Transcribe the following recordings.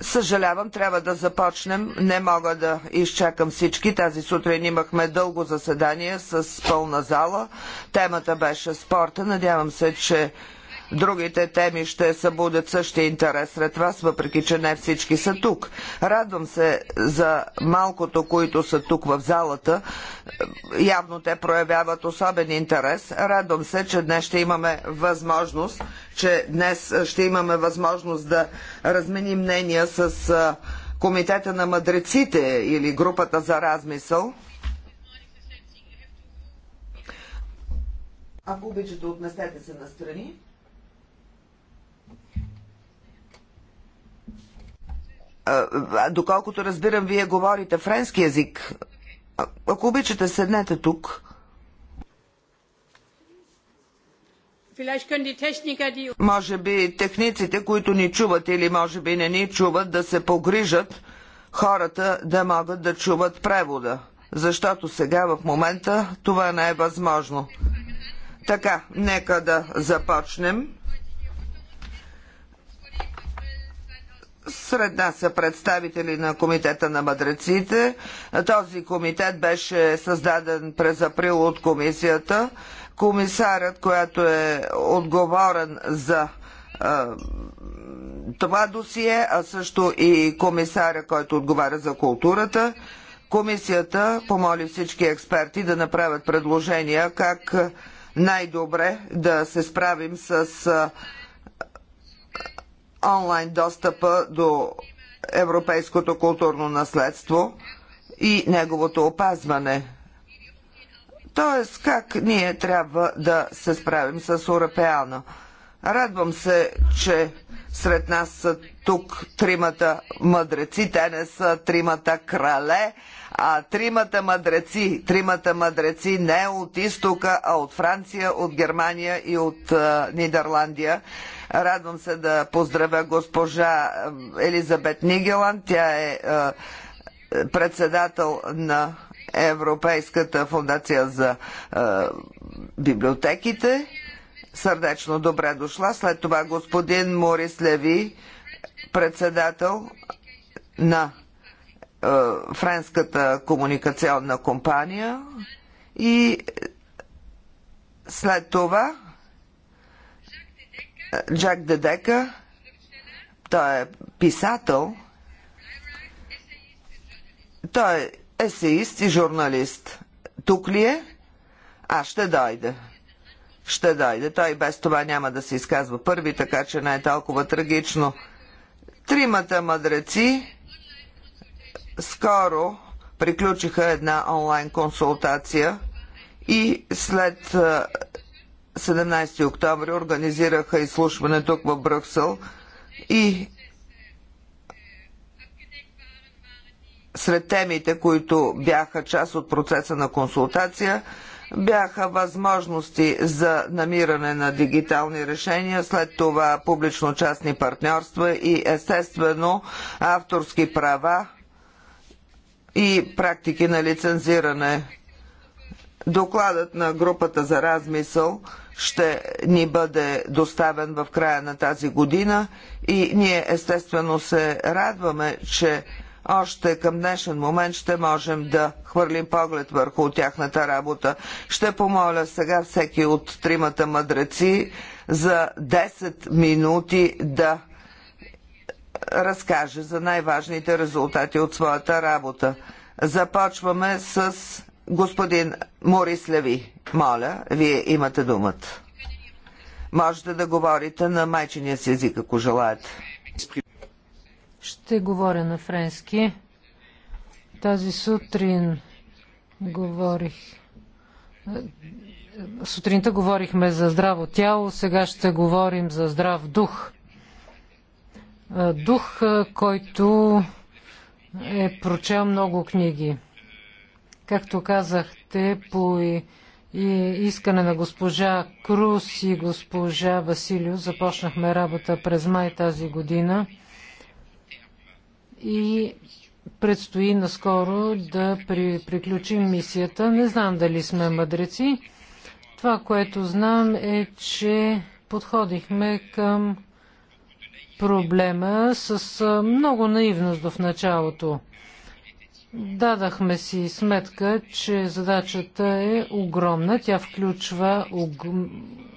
Съжалявам, трябва да започнем. Не мога да изчакам всички. Тази сутрин имахме дълго заседание с пълна зала. Темата беше спорта. Надявам се, че Другите теми ще събудят същия интерес сред вас, въпреки че не всички са тук. Радвам се за малкото, които са тук в залата. Явно те проявяват особен интерес. Радвам се, че днес ще имаме възможност, че днес ще имаме възможност да разменим мнения с Комитета на мъдреците или групата за размисъл. Ако обичате, отнесете се настрани. доколкото разбирам, вие говорите френски язик. А, ако обичате, седнете тук. Може би техниците, които ни чуват или може би не ни чуват, да се погрижат хората да могат да чуват превода. Защото сега в момента това не е възможно. Така, нека да започнем. Сред нас са представители на Комитета на мъдреците. Този комитет беше създаден през април от комисията. Комисарът, която е отговорен за това досие, а също и комисаря, който отговаря за културата. Комисията помоли всички експерти да направят предложения как най-добре да се справим с онлайн достъпа до европейското културно наследство и неговото опазване. Тоест, как ние трябва да се справим с Урапеана. Радвам се, че сред нас са тук тримата мъдреци. Те не са тримата крале, а тримата мъдреци, тримата мъдреци не от изтока, а от Франция, от Германия и от а, Нидерландия. Радвам се да поздравя госпожа Елизабет Нигеланд. Тя е, а, председател на Европейската фундация за а, библиотеките. Сърдечно добре дошла. След това господин Морис Леви, председател на е, френската комуникационна компания и след това е, Джак Дедека, той е писател, той е есеист и журналист. Тук ли е? А, ще дойде. Ще дойде. Той без това няма да се изказва първи, така че не е толкова трагично. Тримата мъдреци скоро приключиха една онлайн консултация и след 17 октомври организираха изслушване тук в Брюксел и сред темите, които бяха част от процеса на консултация, бяха възможности за намиране на дигитални решения, след това публично-частни партньорства и естествено авторски права и практики на лицензиране. Докладът на групата за размисъл ще ни бъде доставен в края на тази година и ние естествено се радваме, че още към днешен момент ще можем да хвърлим поглед върху тяхната работа. Ще помоля сега всеки от тримата мъдреци за 10 минути да разкаже за най-важните резултати от своята работа. Започваме с господин Морис Леви. Моля, вие имате думата. Можете да говорите на майчиния си език, ако желаете. Ще говоря на френски. Тази сутрин говорих. Сутринта говорихме за здраво тяло, сега ще говорим за здрав дух дух, който е прочел много книги. Както казахте, по и, и искане на госпожа Крус и госпожа Василио започнахме работа през май тази година и предстои наскоро да при, приключим мисията. Не знам дали сме мъдреци. Това, което знам е, че подходихме към проблема с много наивност в началото. Дадахме си сметка, че задачата е огромна. Тя включва ог...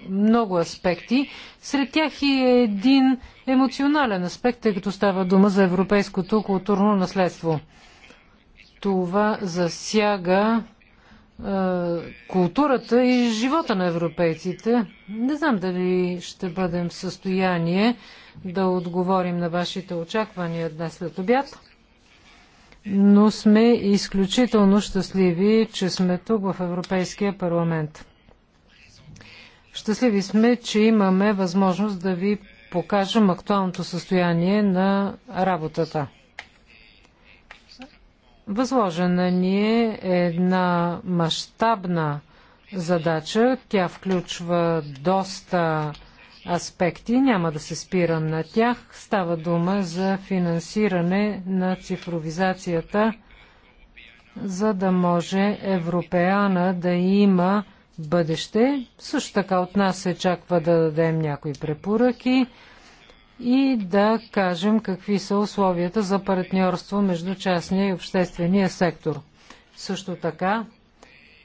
много аспекти. Сред тях и е един емоционален аспект, тъй като става дума за европейското културно наследство. Това засяга е, културата и живота на европейците. Не знам дали ще бъдем в състояние да отговорим на вашите очаквания днес след обяд. Но сме изключително щастливи, че сме тук в Европейския парламент. Щастливи сме, че имаме възможност да ви покажем актуалното състояние на работата. Възложена ни е една мащабна задача. Тя включва доста аспекти. Няма да се спирам на тях. Става дума за финансиране на цифровизацията, за да може Европеана да има бъдеще. Също така от нас се очаква да дадем някои препоръки и да кажем какви са условията за партньорство между частния и обществения сектор. Също така,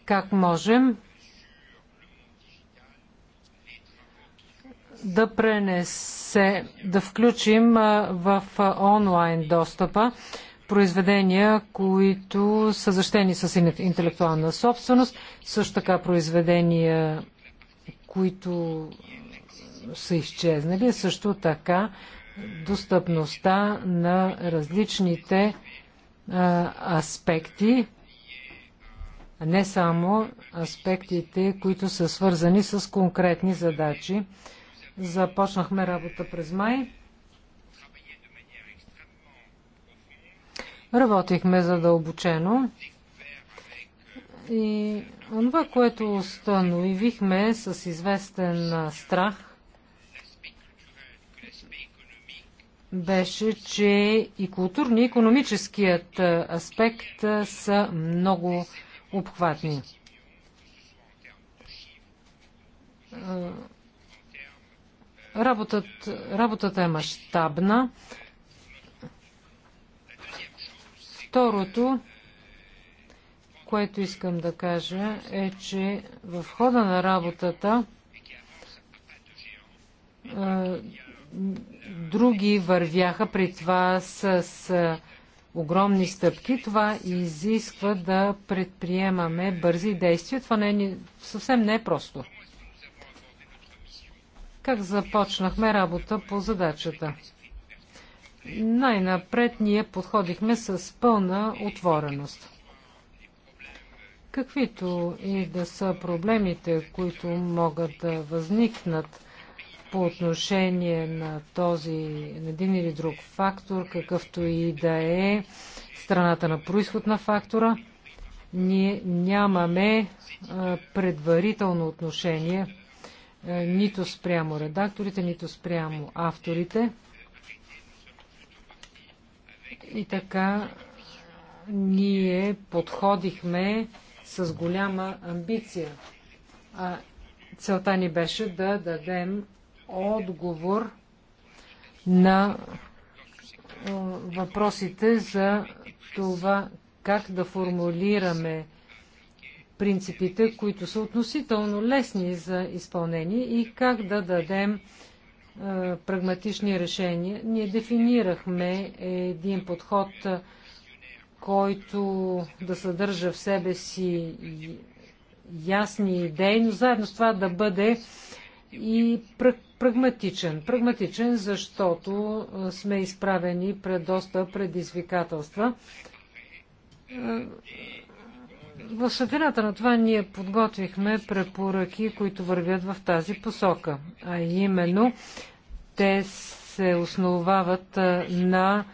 как можем да пренесе, да включим в онлайн достъпа произведения, които са защитени с интелектуална собственост, също така произведения, които са изчезнали, също така достъпността на различните а, аспекти, не само аспектите, които са свързани с конкретни задачи Започнахме работа през май. Работихме задълбочено. И това, което установихме с известен страх, беше, че и културни, и економическият аспект са много обхватни Работът, работата е мащабна. Второто, което искам да кажа, е, че в хода на работата други вървяха при това с огромни стъпки. Това изисква да предприемаме бързи действия. Това не е, съвсем не е просто. Как започнахме работа по задачата? Най-напред ние подходихме с пълна отвореност. Каквито и да са проблемите, които могат да възникнат по отношение на този, на един или друг фактор, какъвто и да е страната на происход на фактора, ние нямаме предварително отношение е, нито спрямо редакторите, нито спрямо авторите. И така ние подходихме с голяма амбиция. А целта ни беше да дадем отговор на въпросите за това как да формулираме принципите, които са относително лесни за изпълнение и как да дадем прагматични решения. Ние дефинирахме един подход, който да съдържа в себе си ясни идеи, но заедно с това да бъде и прагматичен. Прагматичен, защото сме изправени пред доста предизвикателства. В светлината на това ние подготвихме препоръки, които вървят в тази посока, а именно те се основават на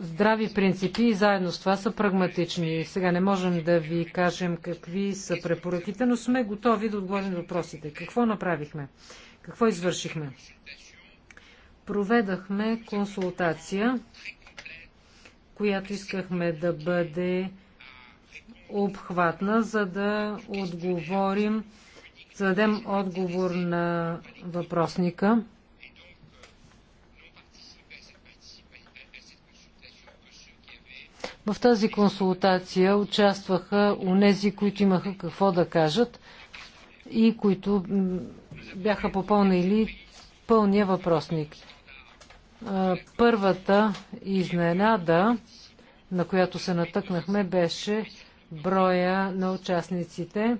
здрави принципи и заедно с това са прагматични. Сега не можем да ви кажем какви са препоръките, но сме готови да отговорим на въпросите. Какво направихме? Какво извършихме? Проведахме консултация, която искахме да бъде обхватна, за да отговорим, за да дадем отговор на въпросника. В тази консултация участваха нези, които имаха какво да кажат и които бяха попълнили пълния въпросник. Първата изненада, на която се натъкнахме, беше броя на участниците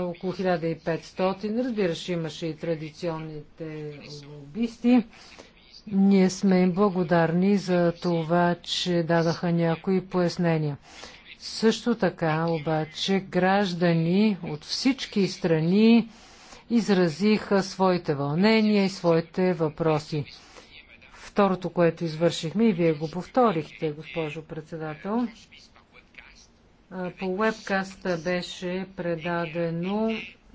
около 1500. Разбира се, имаше и традиционните лобисти. Ние сме им благодарни за това, че дадаха някои пояснения. Също така, обаче, граждани от всички страни изразиха своите вълнения и своите въпроси. Второто, което извършихме, и вие го повторихте, госпожо председател, по вебкаста беше предадено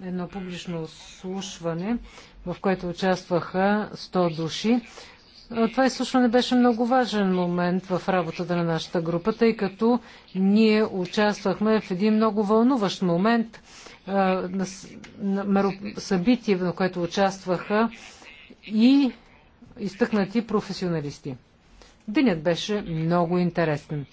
едно публично слушване, в което участваха 100 души. Това изслушване беше много важен момент в работата на нашата група, тъй като ние участвахме в един много вълнуващ момент на събитие, на което участваха и изтъкнати професионалисти. Денят беше много интересен.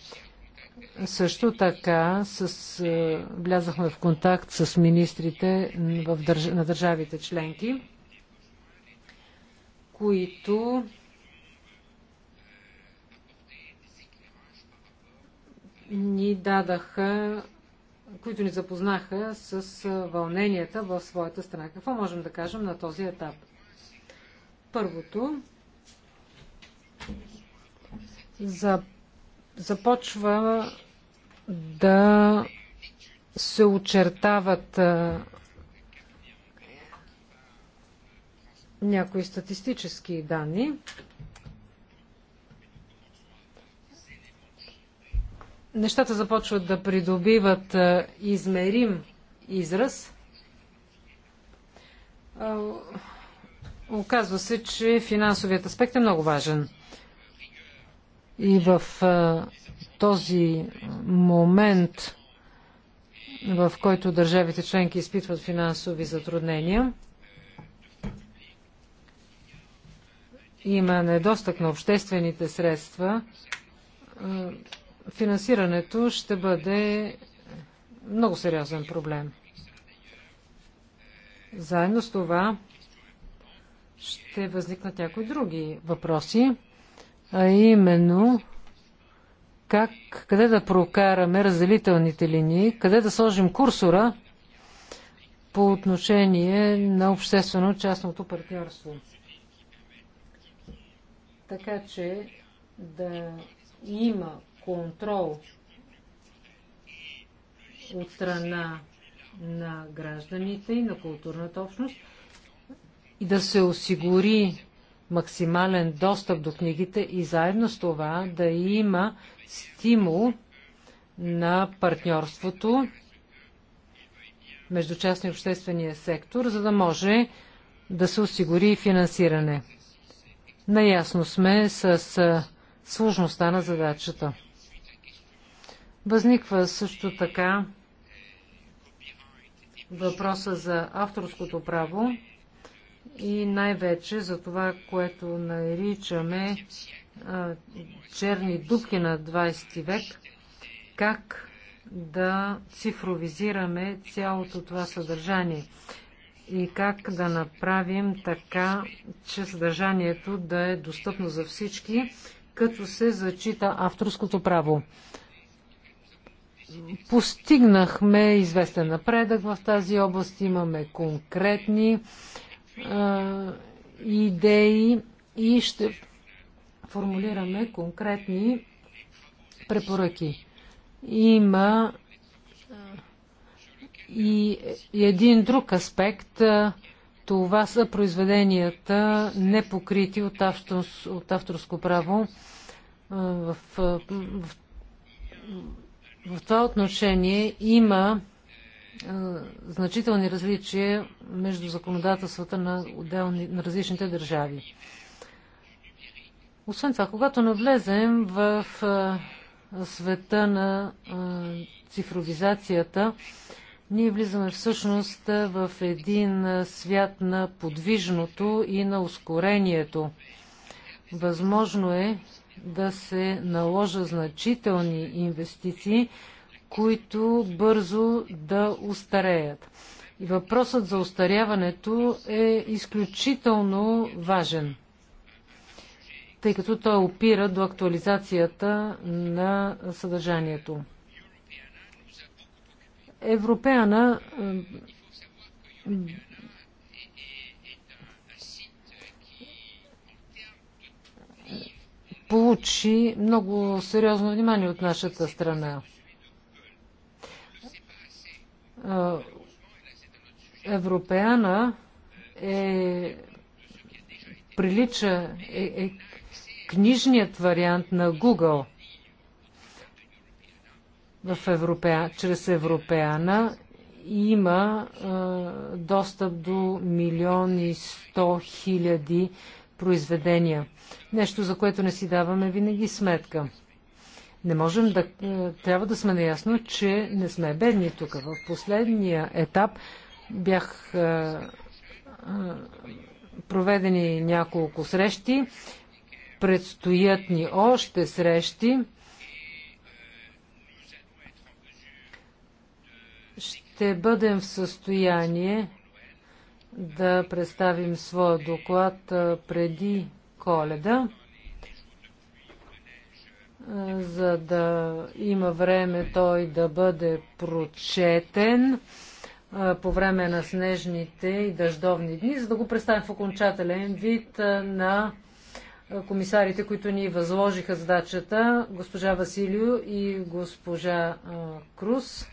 Също така с, е, влязахме в контакт с министрите в държ, на държавите членки, които ни дадаха, които ни запознаха с е, вълненията в своята страна. Какво можем да кажем на този етап? Първото, за започва да се очертават някои статистически данни. Нещата започват да придобиват измерим израз. Оказва се, че финансовият аспект е много важен. И в този момент, в който държавите членки изпитват финансови затруднения, има недостъг на обществените средства, финансирането ще бъде много сериозен проблем. Заедно с това ще възникнат някои други въпроси а именно как, къде да прокараме разделителните линии, къде да сложим курсора по отношение на обществено-частното партньорство. Така че да има контрол от страна на гражданите и на културната общност и да се осигури максимален достъп до книгите и заедно с това да има стимул на партньорството между частния и обществения сектор, за да може да се осигури финансиране. Наясно сме с сложността на задачата. Възниква също така въпроса за авторското право и най-вече за това, което наричаме а, черни дупки на 20 век, как да цифровизираме цялото това съдържание и как да направим така, че съдържанието да е достъпно за всички, като се зачита авторското право. Постигнахме известен напредък в тази област, имаме конкретни а, идеи и ще формулираме конкретни препоръки. Има и един друг аспект. Това са произведенията, непокрити от, авторс, от авторско право. В, в, в това отношение има значителни различия между законодателствата на, отделни, на различните държави. Освен това, когато навлезем в света на цифровизацията, ние влизаме всъщност в един свят на подвижното и на ускорението. Възможно е да се наложа значителни инвестиции, които бързо да устареят. И въпросът за устаряването е изключително важен, тъй като той опира до актуализацията на съдържанието. Европеана получи много сериозно внимание от нашата страна. Европеана е прилича е, е книжният вариант на Google. В Европея, чрез Европеана има е, достъп до милиони сто хиляди произведения. Нещо, за което не си даваме винаги сметка. Не можем да... Е, трябва да сме наясно, че не сме бедни тук. В последния етап бях е, е, проведени няколко срещи. Предстоят ни още срещи. Ще бъдем в състояние да представим своя доклад преди коледа за да има време той да бъде прочетен по време на снежните и дъждовни дни, за да го представим в окончателен вид на комисарите, които ни възложиха задачата, госпожа Василио и госпожа Крус.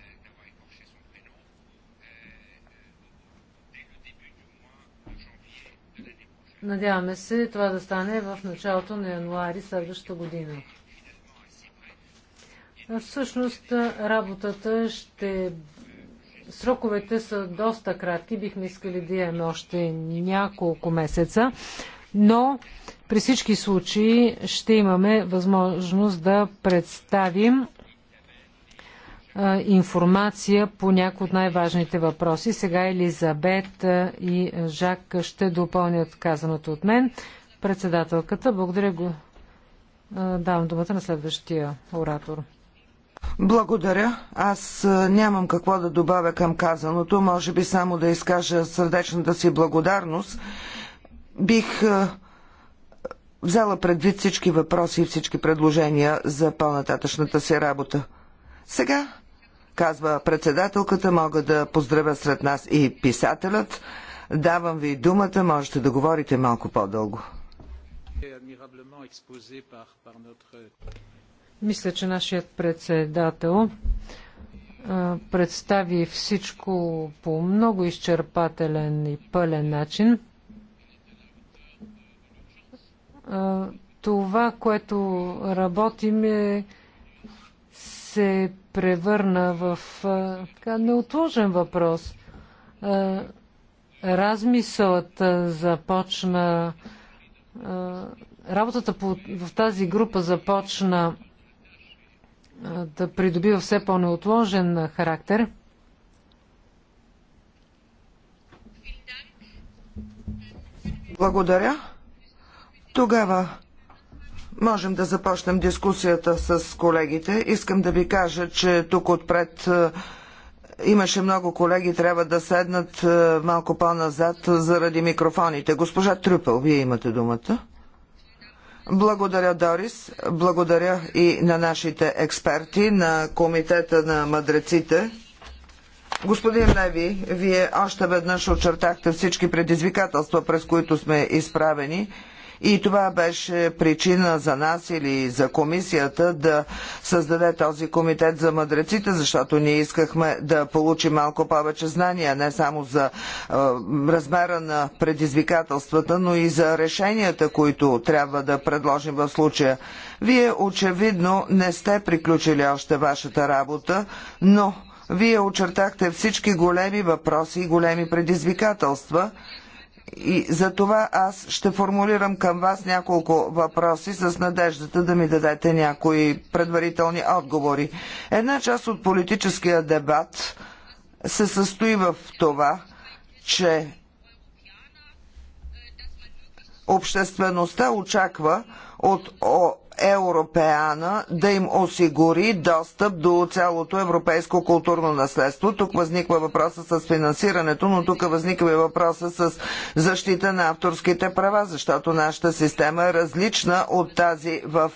Надяваме се това да стане в началото на януари следващата година. Всъщност работата ще... Сроковете са доста кратки. Бихме искали да имаме още няколко месеца, но при всички случаи ще имаме възможност да представим информация по някои от най-важните въпроси. Сега Елизабет и Жак ще допълнят казаното от мен. Председателката, благодаря го. Давам думата на следващия оратор. Благодаря. Аз нямам какво да добавя към казаното. Може би само да изкажа сърдечната си благодарност. Бих взела предвид всички въпроси и всички предложения за по-нататъчната си работа. Сега, казва председателката, мога да поздравя сред нас и писателят. Давам ви думата, можете да говорите малко по-дълго. Е, мисля, че нашият председател представи всичко по много изчерпателен и пълен начин. Това, което работим е се превърна в така, неотложен въпрос. Размисълът започна. Работата по, в тази група започна да придобива все по-неотложен характер. Благодаря. Тогава можем да започнем дискусията с колегите. Искам да ви кажа, че тук отпред имаше много колеги, трябва да седнат малко по-назад заради микрофоните. Госпожа Трюпел, вие имате думата. Благодаря, Дорис. Благодаря и на нашите експерти, на Комитета на мъдреците. Господин Леви, вие още веднъж очертахте всички предизвикателства, през които сме изправени. И това беше причина за нас или за комисията да създаде този комитет за мъдреците, защото ние искахме да получим малко повече знания, не само за е, размера на предизвикателствата, но и за решенията, които трябва да предложим в случая. Вие очевидно не сте приключили още вашата работа, но вие очертахте всички големи въпроси и големи предизвикателства – и за това аз ще формулирам към вас няколко въпроси с надеждата да ми дадете някои предварителни отговори. Една част от политическия дебат се състои в това, че обществеността очаква от Европеана да им осигури достъп до цялото европейско културно наследство. Тук възниква въпроса с финансирането, но тук възниква и въпроса с защита на авторските права, защото нашата система е различна от тази в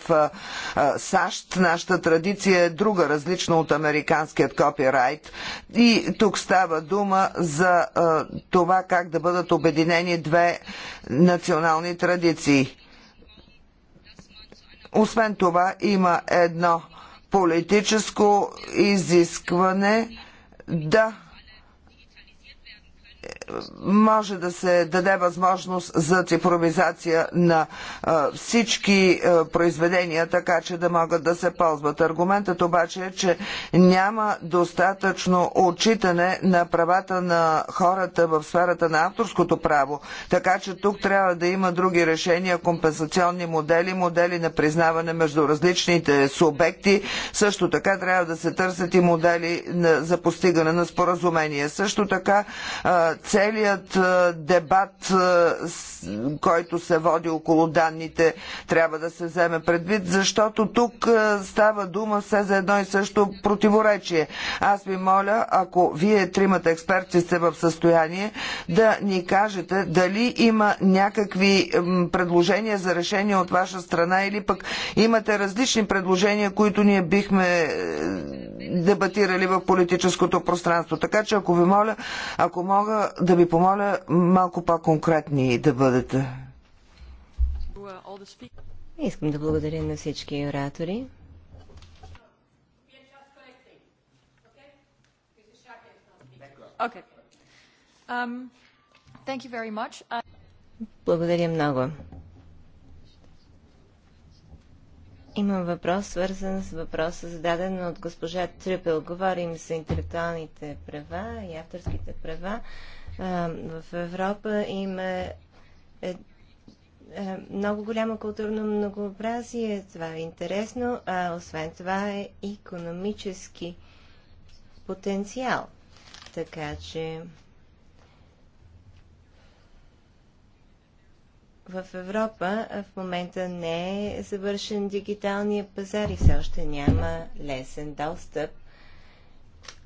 САЩ. Нашата традиция е друга, различна от американският копирайт. И тук става дума за това как да бъдат обединени две национални традиции. Освен това има едно политическо изискване да може да се даде възможност за цифровизация на всички произведения, така че да могат да се ползват. Аргументът обаче е, че няма достатъчно отчитане на правата на хората в сферата на авторското право, така че тук трябва да има други решения, компенсационни модели, модели на признаване между различните субекти. Също така трябва да се търсят и модели за постигане на споразумение. Също така цел целият дебат, който се води около данните, трябва да се вземе предвид, защото тук става дума все за едно и също противоречие. Аз ви моля, ако вие тримата експерти сте в състояние, да ни кажете дали има някакви предложения за решение от ваша страна или пък имате различни предложения, които ние бихме е, дебатирали в политическото пространство. Така че, ако ви моля, ако мога да ви помоля малко по-конкретни да бъдете. Искам да благодаря на всички оратори. Um, uh, благодаря много. Имам въпрос, свързан с въпроса, зададен от госпожа Трюпел. Говорим за интелектуалните права и авторските права. В Европа има е, е, много голямо културно многообразие. Това е интересно, а освен това е економически потенциал. Така че в Европа в момента не е завършен дигиталния пазар и все още няма лесен достъп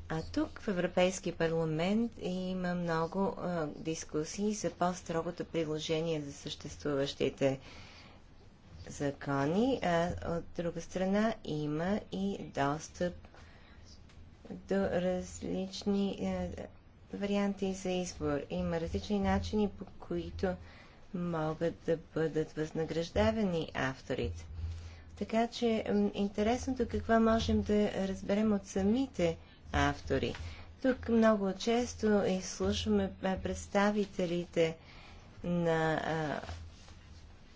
а тук в Европейския парламент има много а, дискусии за по-строгото приложение за съществуващите закони, а от друга страна има и достъп до различни а, варианти за избор. Има различни начини, по които могат да бъдат възнаграждавани авторите. Така че интересното е какво можем да разберем от самите автори. Тук много често изслушваме представителите на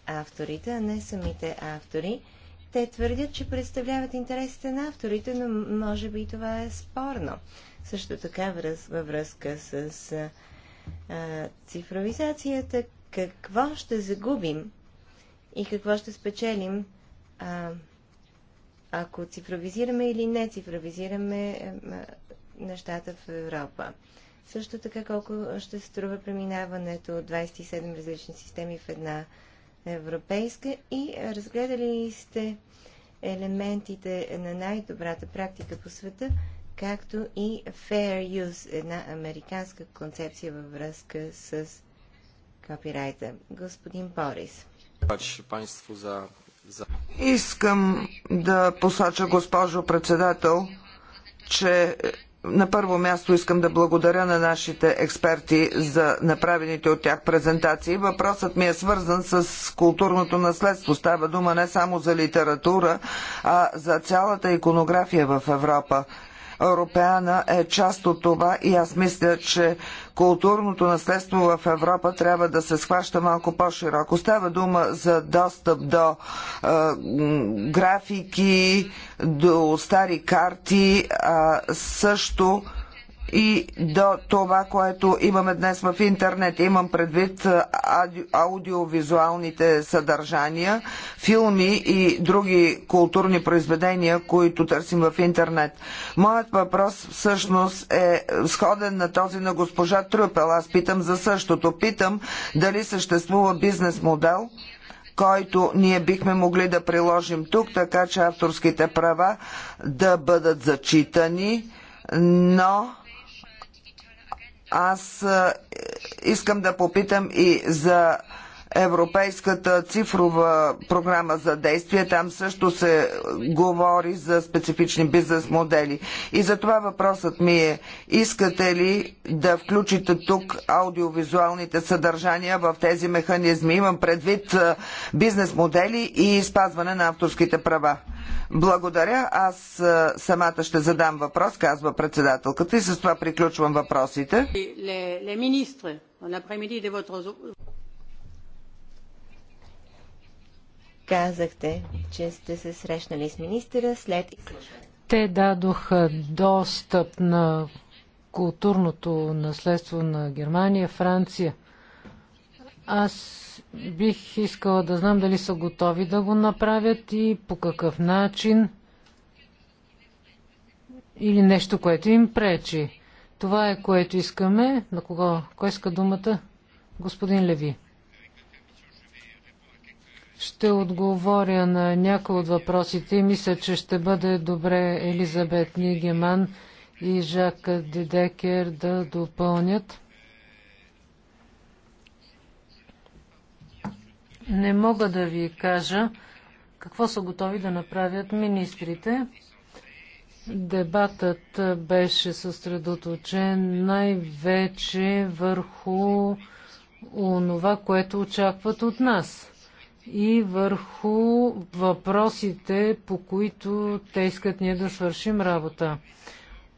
авторите, а не самите автори. Те твърдят, че представляват интересите на авторите, но може би това е спорно. Също така във връзка с а, цифровизацията, какво ще загубим и какво ще спечелим, а, ако цифровизираме или не цифровизираме нещата в Европа. Също така колко ще струва преминаването от 27 различни системи в една европейска и разгледали сте елементите на най-добрата практика по света, както и Fair Use, една американска концепция във връзка с копирайта. Господин Борис. Państwu за Искам да посоча, госпожо председател, че е, на първо място искам да благодаря на нашите експерти за направените от тях презентации. Въпросът ми е свързан с културното наследство. Става дума не само за литература, а за цялата иконография в Европа. Европеана е част от това и аз мисля, че културното наследство в Европа трябва да се схваща малко по-широко. Става дума за достъп до а, графики, до стари карти, а също и до това, което имаме днес в интернет. Имам предвид аудиовизуалните съдържания, филми и други културни произведения, които търсим в интернет. Моят въпрос всъщност е сходен на този на госпожа Трюпел. Аз питам за същото. Питам дали съществува бизнес модел, който ние бихме могли да приложим тук, така че авторските права да бъдат зачитани, но аз е, искам да попитам и за Европейската цифрова програма за действие. Там също се говори за специфични бизнес модели. И за това въпросът ми е, искате ли да включите тук аудиовизуалните съдържания в тези механизми? Имам предвид е, бизнес модели и спазване на авторските права. Благодаря. Аз самата ще задам въпрос, казва председателката и с това приключвам въпросите. Казахте, че сте се срещнали с министъра след Те дадоха достъп на културното наследство на Германия, Франция. Аз бих искала да знам дали са готови да го направят и по какъв начин или нещо, което им пречи. Това е което искаме. На кого? Кой иска думата? Господин Леви. Ще отговоря на някои от въпросите и мисля, че ще бъде добре Елизабет Нигеман и Жак Дедекер да допълнят. Не мога да ви кажа какво са готови да направят министрите. Дебатът беше съсредоточен най-вече върху онова, което очакват от нас и върху въпросите, по които те искат ние да свършим работа.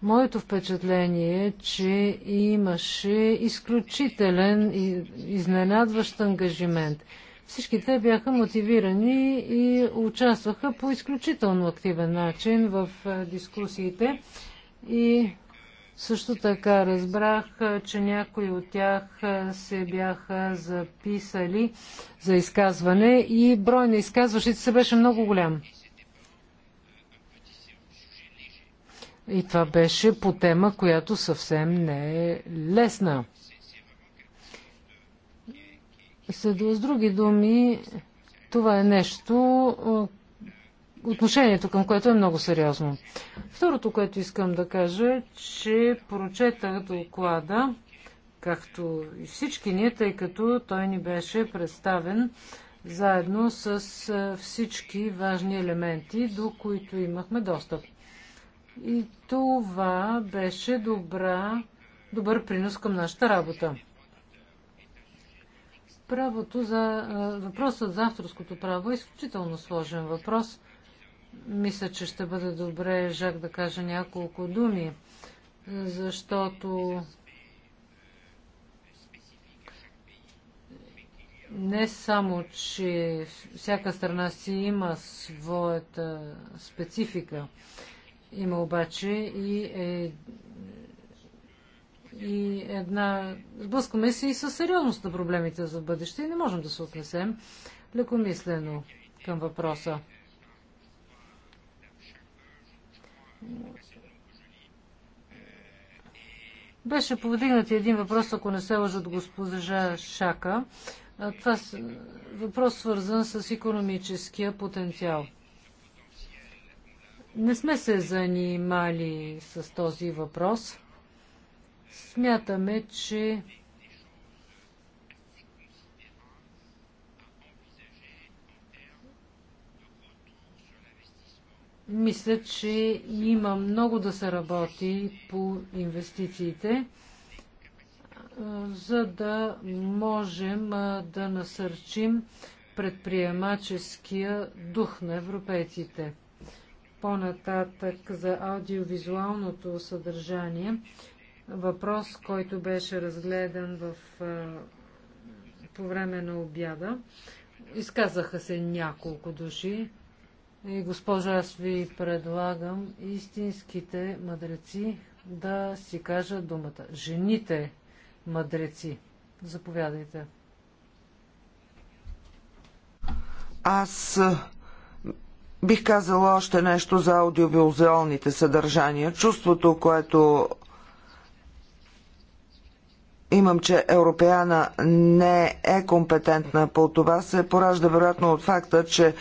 Моето впечатление е, че имаше изключителен и изненадващ ангажимент – всички те бяха мотивирани и участваха по изключително активен начин в дискусиите и също така разбрах, че някои от тях се бяха записали за изказване и брой на изказващите се беше много голям. И това беше по тема, която съвсем не е лесна. С други думи, това е нещо, отношението към което е много сериозно. Второто, което искам да кажа е, че прочетах доклада, както и всички ние, тъй като той ни беше представен заедно с всички важни елементи, до които имахме достъп. И това беше добра, добър принос към нашата работа. Правото за, въпросът за авторското право е изключително сложен въпрос. Мисля, че ще бъде добре Жак да каже няколко думи, защото не само, че всяка страна си има своята специфика, има обаче и е и една... Сблъскваме се и със сериозност на проблемите за бъдеще и не можем да се отнесем лекомислено към въпроса. Беше повдигнат и един въпрос, ако не се лъжат госпожа Шака. Това е въпрос свързан с економическия потенциал. Не сме се занимали с този въпрос. Смятаме, че мисля, че има много да се работи по инвестициите, за да можем да насърчим предприемаческия дух на европейците. По-нататък за аудиовизуалното съдържание въпрос, който беше разгледан в, по време на обяда. Изказаха се няколко души. И госпожа, аз ви предлагам истинските мъдреци да си кажат думата. Жените мъдреци. Заповядайте. Аз бих казала още нещо за аудиовизуалните съдържания. Чувството, което имам, че Европеяна не е компетентна по това, се поражда вероятно от факта, че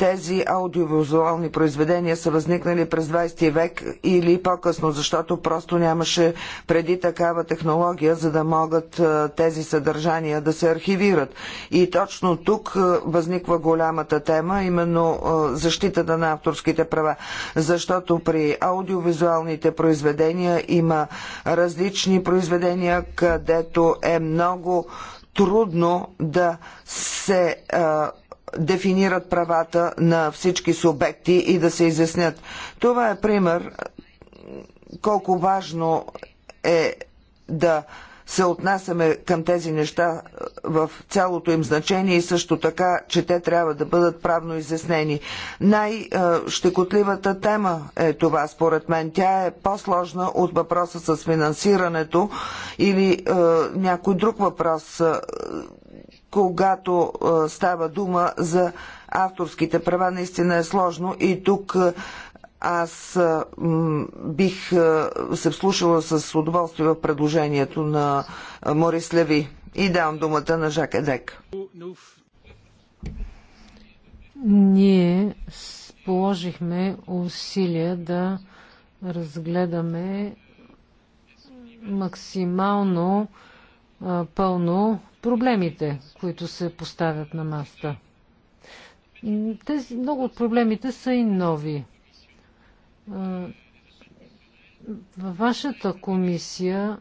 тези аудиовизуални произведения са възникнали през 20 век или по-късно, защото просто нямаше преди такава технология, за да могат тези съдържания да се архивират. И точно тук възниква голямата тема, именно защитата на авторските права, защото при аудиовизуалните произведения има различни произведения, където е много трудно да се а, дефинират правата на всички субекти и да се изяснят. Това е пример колко важно е да се отнасяме към тези неща в цялото им значение и също така, че те трябва да бъдат правно изяснени. Най-щекотливата тема е това, според мен. Тя е по-сложна от въпроса с финансирането или е, някой друг въпрос когато става дума за авторските права, наистина е сложно и тук аз бих се вслушала с удоволствие в предложението на Морис Леви и давам думата на Жак Едек. Ние положихме усилия да разгледаме максимално пълно проблемите, които се поставят на маста. Тези, много от проблемите са и нови. Във вашата комисия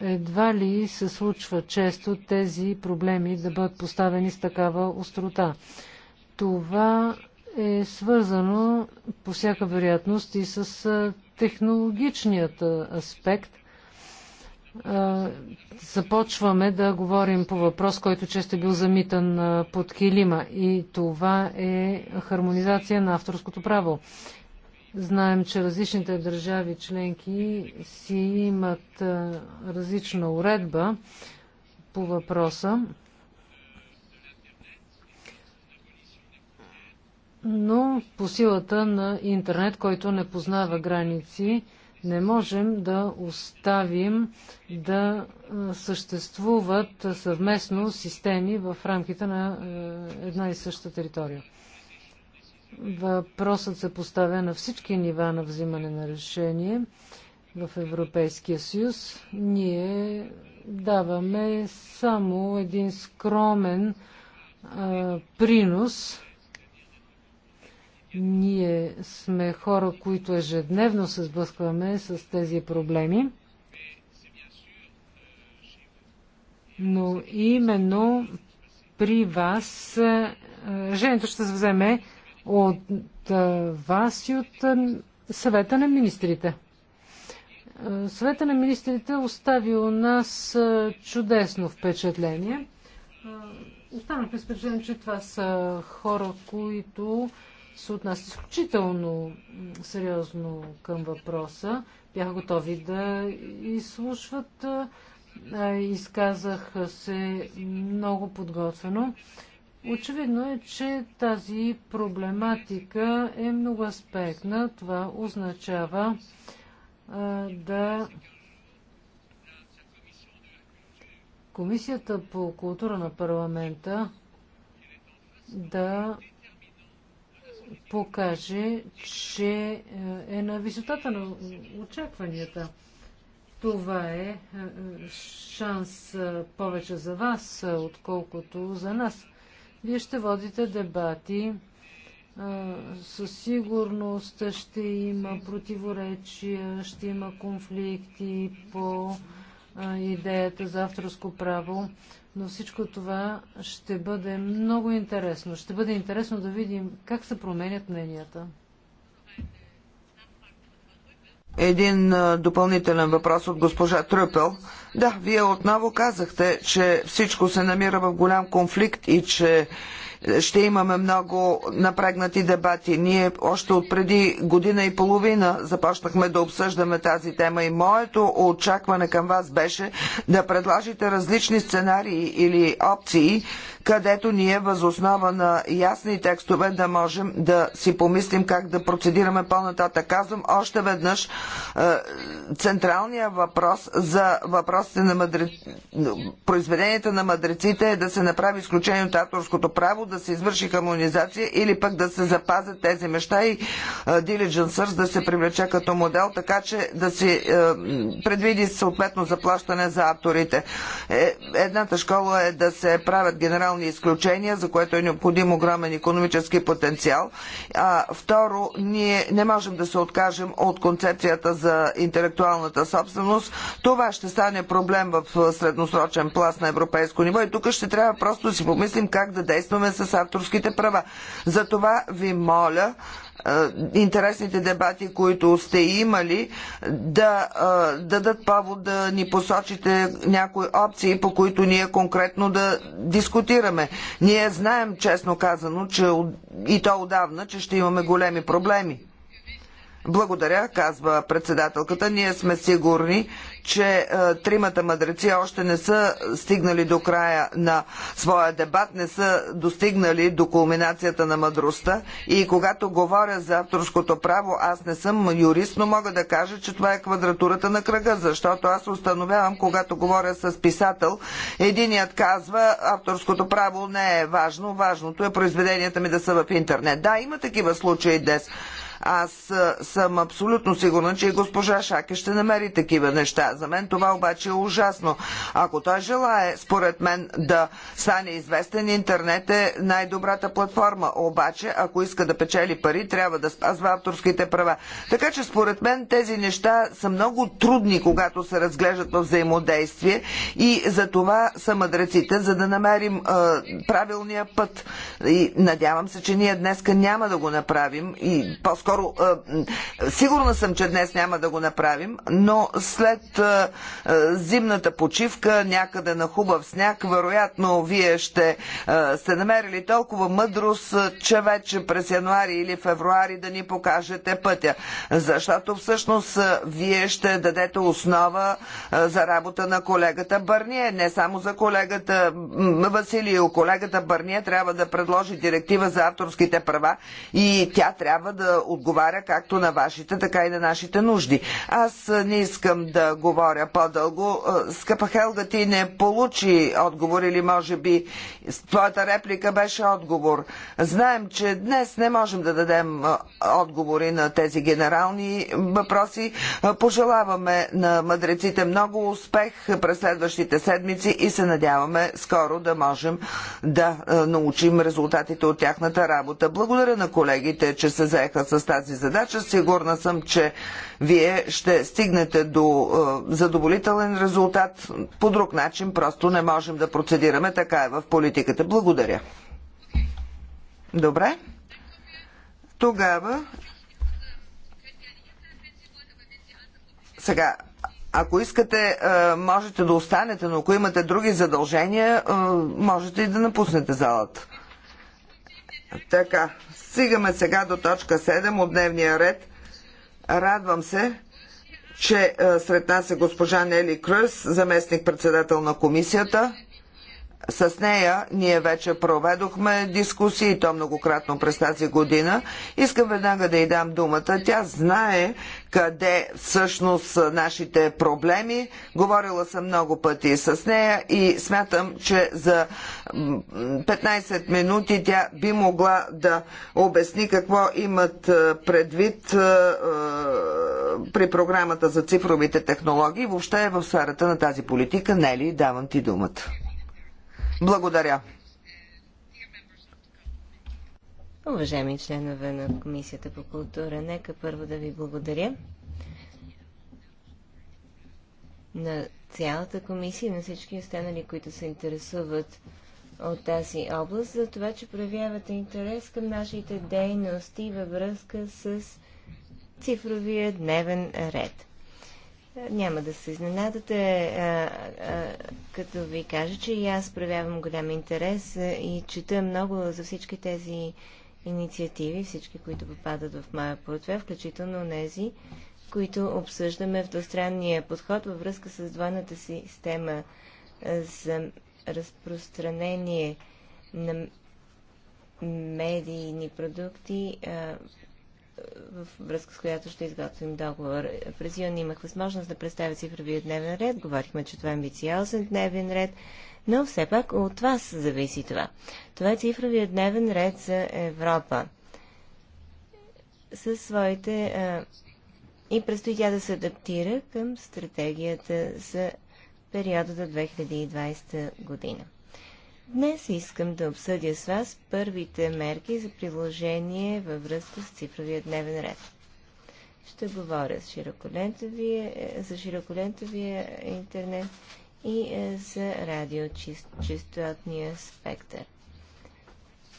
едва ли се случва често тези проблеми да бъдат поставени с такава острота. Това е свързано по всяка вероятност и с технологичният аспект започваме да говорим по въпрос, който често е бил замитан под килима. И това е хармонизация на авторското право. Знаем, че различните държави членки си имат различна уредба по въпроса. Но по силата на интернет, който не познава граници, не можем да оставим да съществуват съвместно системи в рамките на една и съща територия. Въпросът се поставя на всички нива на взимане на решение в Европейския съюз. Ние даваме само един скромен принос ние сме хора, които ежедневно се сблъскваме с тези проблеми. Но именно при вас женето е, ще се вземе от е, вас и от е, съвета на министрите. Съвета на министрите остави у нас чудесно впечатление. Останахме с впечатление, че това са хора, които се отнася изключително сериозно към въпроса. Бяха готови да изслушват. Изказах се много подготвено. Очевидно е, че тази проблематика е много аспектна. Това означава да. Комисията по култура на парламента да покаже, че е, е на висотата на очакванията. Това е, е шанс е, повече за вас, отколкото за нас. Вие ще водите дебати. Със сигурност ще има противоречия, ще има конфликти по идеята за авторско право но всичко това ще бъде много интересно. Ще бъде интересно да видим как се променят мненията. Един допълнителен въпрос от госпожа Трюпел. Да, вие отново казахте, че всичко се намира в голям конфликт и че ще имаме много напрегнати дебати. Ние още от преди година и половина започнахме да обсъждаме тази тема и моето очакване към вас беше да предложите различни сценарии или опции, където ние възоснова на ясни текстове да можем да си помислим как да процедираме по-нататък. Казвам още веднъж е, централния въпрос за въпросите на мъдре... произведенията на мъдреците е да се направи изключение от авторското право, да се извърши хармонизация или пък да се запазят тези неща и е, Diligent Search да се привлече като модел, така че да се е, предвиди съответно заплащане за авторите. Е, едната школа е да се правят генерални изключения, за което е необходим огромен економически потенциал. А, второ, ние не можем да се откажем от концепцията за интелектуалната собственост. Това ще стане проблем в средносрочен пласт на европейско ниво и тук ще трябва просто да си помислим как да действаме с с авторските права. Затова ви моля е, интересните дебати, които сте имали, да, да е, дадат повод да ни посочите някои опции, по които ние конкретно да дискутираме. Ние знаем, честно казано, че и то отдавна, че ще имаме големи проблеми. Благодаря, казва председателката. Ние сме сигурни, че е, тримата мъдреци още не са стигнали до края на своя дебат, не са достигнали до кулминацията на мъдростта. И когато говоря за авторското право, аз не съм юрист, но мога да кажа, че това е квадратурата на кръга, защото аз установявам, когато говоря с писател, единият казва, авторското право не е важно, важното е произведенията ми да са в интернет. Да, има такива случаи днес. Аз съм абсолютно сигурна, че и госпожа Шаке ще намери такива неща. За мен това обаче е ужасно. Ако той желае, според мен, да стане известен, интернет е най-добрата платформа. Обаче, ако иска да печели пари, трябва да спазва авторските права. Така че, според мен, тези неща са много трудни, когато се разглеждат в взаимодействие и за това са мъдреците, за да намерим е, правилния път. И надявам се, че ние днеска няма да го направим и по-скоро по-скоро сигурна съм, че днес няма да го направим, но след зимната почивка някъде на хубав сняг, вероятно вие ще сте намерили толкова мъдрост, че вече през януари или февруари да ни покажете пътя. Защото всъщност вие ще дадете основа за работа на колегата Бърния. не само за колегата Василио. Колегата Бърния трябва да предложи директива за авторските права и тя трябва да отговаря както на вашите, така и на нашите нужди. Аз не искам да говоря по-дълго. Скъпа Хелга, ти не получи отговор или може би твоята реплика беше отговор. Знаем, че днес не можем да дадем отговори на тези генерални въпроси. Пожелаваме на мъдреците много успех през следващите седмици и се надяваме скоро да можем да научим резултатите от тяхната работа. Благодаря на колегите, че се заеха с тази задача. Сигурна съм, че вие ще стигнете до е, задоволителен резултат. По друг начин просто не можем да процедираме. Така е в политиката. Благодаря. Добре. Тогава. Сега, ако искате, е, можете да останете, но ако имате други задължения, е, можете и да напуснете залата. Така, стигаме сега до точка 7 от дневния ред. Радвам се, че сред нас е госпожа Нели Кръс, заместник председател на комисията с нея ние вече проведохме дискусии, то многократно през тази година. Искам веднага да й дам думата. Тя знае къде всъщност са нашите проблеми. Говорила съм много пъти с нея и смятам, че за 15 минути тя би могла да обясни какво имат е, предвид е, е, при програмата за цифровите технологии. Въобще е в сферата на тази политика. Нели, давам ти думата. Благодаря. Уважаеми членове на Комисията по култура, нека първо да ви благодаря на цялата комисия и на всички останали, които се интересуват от тази област, за това, че проявявате интерес към нашите дейности във връзка с цифровия дневен ред. Няма да се изненадате, а, е, а, е, като ви кажа, че и аз проявявам голям интерес е, и чета много за всички тези инициативи, всички, които попадат в моя портфел, включително тези, които обсъждаме в двустранния подход във връзка с двойната система за разпространение на медийни продукти, в връзка с която ще изготвим договор. През юни имах възможност да представя цифровия дневен ред. Говорихме, че това е амбициозен дневен ред, но все пак от вас зависи това. Това е цифровия дневен ред за Европа. Със своите... А, и предстои тя да се адаптира към стратегията за периода до 2020 година. Днес искам да обсъдя с вас първите мерки за приложение във връзка с цифровия дневен ред. Ще говоря с широколентовия, е, за широколентовия интернет и е, за радиочистотния спектър.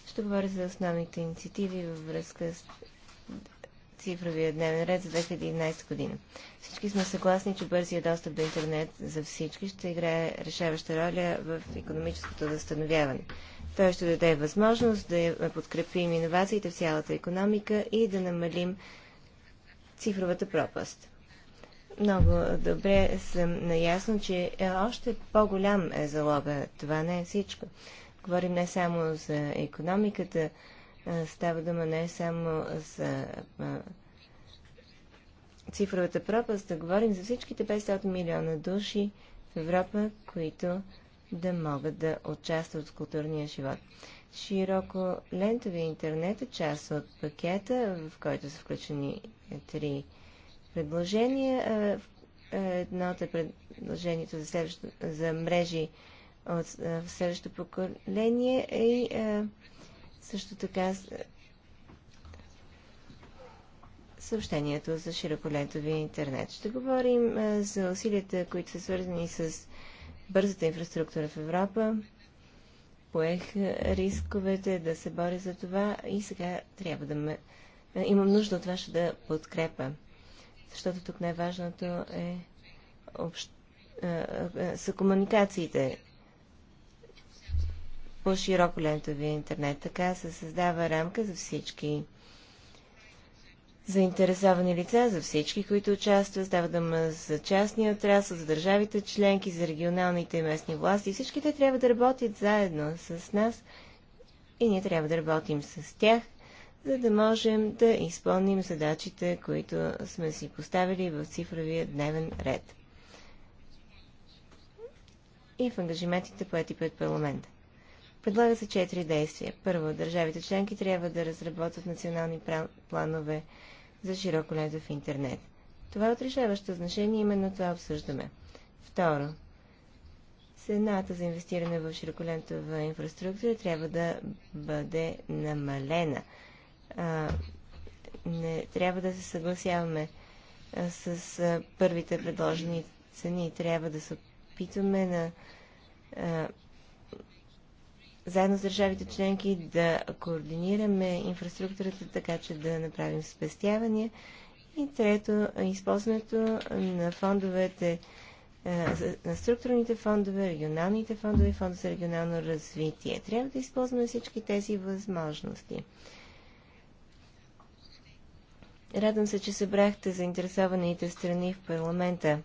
Ще говоря за основните инициативи във връзка с цифровия дневен ред за 2011 година. Всички сме съгласни, че бързия достъп до интернет за всички ще играе решаваща роля в економическото възстановяване. Той ще даде възможност да подкрепим иновациите в цялата економика и да намалим цифровата пропаст. Много добре съм наясно, че е още по-голям е залога. Това не е всичко. Говорим не само за економиката, е, става дума не само за цифровата пропаст, да говорим за всичките 500 милиона души в Европа, които да могат да участват в културния живот. Широко лентови интернет е част от пакета, в който са включени три предложения. Е, е, едното е предложението за, следващо, за мрежи от следващото поколение и също така съобщението за широколентови интернет. Ще говорим за усилията, които са свързани с бързата инфраструктура в Европа. Поех рисковете да се боря за това и сега трябва да ме... Имам нужда от ваша да подкрепа, защото тук най-важното е общ... са комуникациите по широко лентовия интернет. Така се създава рамка за всички заинтересовани лица, за всички, които участват. Става дума за частния отрасъл, за държавите членки, за регионалните и местни власти. всички те трябва да работят заедно с нас и ние трябва да работим с тях, за да можем да изпълним задачите, които сме си поставили в цифровия дневен ред и в ангажиментите поети пред парламента. Предлага се четири действия. Първо, държавите членки трябва да разработват национални планове за широко лето в интернет. Това е отрешаващо значение, именно това обсъждаме. Второ, цената за инвестиране в широколентова инфраструктура трябва да бъде намалена. А, не трябва да се съгласяваме а, с а, първите предложени цени. Трябва да се опитваме на а, заедно с държавите членки да координираме инфраструктурата така, че да направим спестявания. И трето, използването на фондовете, на структурните фондове, регионалните фондове и фонда за регионално развитие. Трябва да използваме всички тези възможности. Радвам се, че събрахте заинтересованите страни в парламента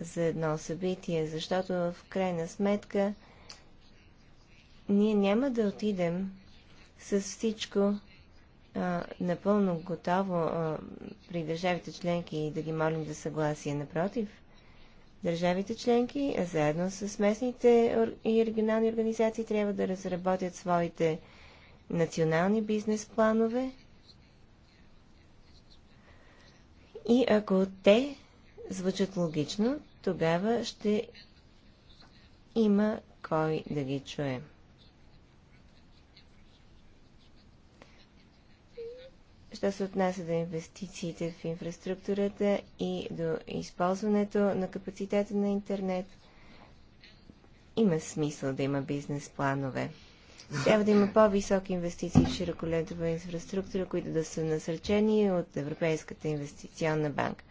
за едно събитие, защото в крайна сметка ние няма да отидем с всичко а, напълно готово а, при държавите членки и да ги молим за да съгласие. Напротив, държавите членки, а заедно с местните и регионални организации, трябва да разработят своите национални бизнес планове. И ако те звучат логично, тогава ще има кой да ги чуе. що се отнася до инвестициите в инфраструктурата и до използването на капацитета на интернет, има смисъл да има бизнес планове. Трябва да има по-високи инвестиции в широколентова инфраструктура, които да са насърчени от Европейската инвестиционна банка.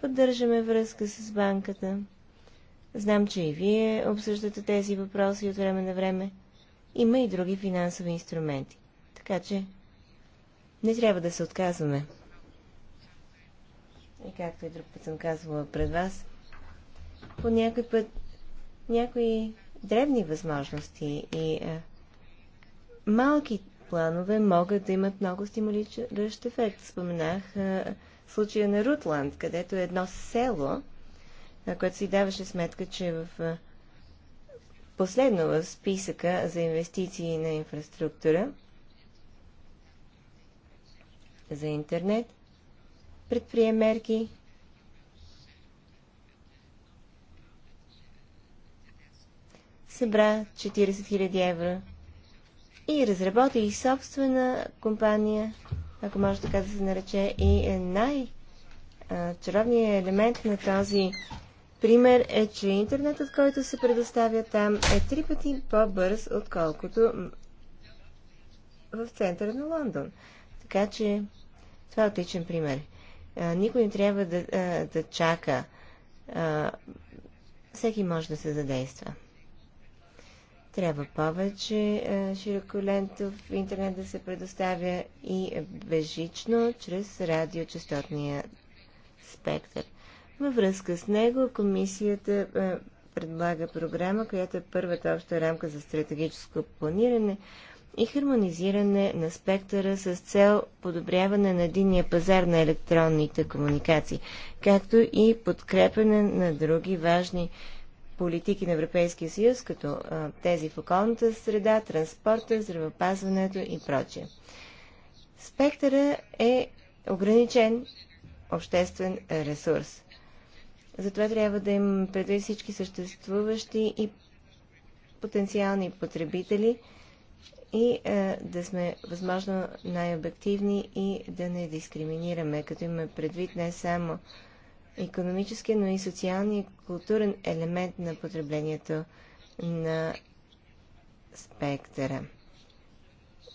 Поддържаме връзка с банката. Знам, че и вие обсъждате тези въпроси от време на време. Има и други финансови инструменти. Така че не трябва да се отказваме. И както и друг път съм казвала пред вас, по някой път някои дребни възможности и а, малки планове могат да имат много стимулиращ ефект. Споменах а, случая на Рутланд, където е едно село, а, което си даваше сметка, че в а, последно в списъка за инвестиции на инфраструктура за интернет, предприе мерки събра 40 000 евро и разработи и собствена компания, ако може така да се нарече, и най-чаровният елемент на този пример е, че интернетът, който се предоставя там, е три пъти по-бърз, отколкото в центъра на Лондон. Така че това е отличен пример. Никой не трябва да, да чака. Всеки може да се задейства. Трябва повече широколентов интернет да се предоставя и бежично чрез радиочастотния спектър. Във връзка с него комисията предлага програма, която е първата обща рамка за стратегическо планиране и хармонизиране на спектъра с цел подобряване на единния пазар на електронните комуникации, както и подкрепене на други важни политики на Европейския съюз, като а, тези в околната среда, транспорта, здравеопазването и прочее. Спектъра е ограничен обществен ресурс. Затова трябва да имаме предвид всички съществуващи и потенциални потребители – и е, да сме възможно най-обективни и да не дискриминираме, като имаме предвид не само економическия, но и социалния и културен елемент на потреблението на спектъра.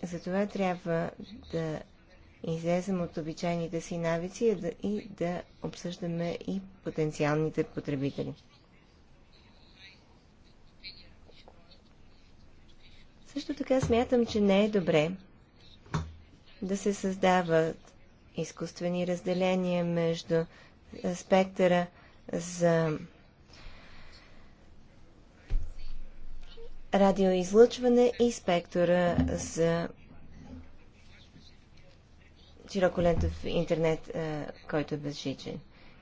Затова трябва да излезем от обичайните си навици и да обсъждаме и потенциалните потребители. Също така смятам, че не е добре да се създават изкуствени разделения между спектъра за радиоизлъчване и спектъра за широколентов интернет, който е безжичен.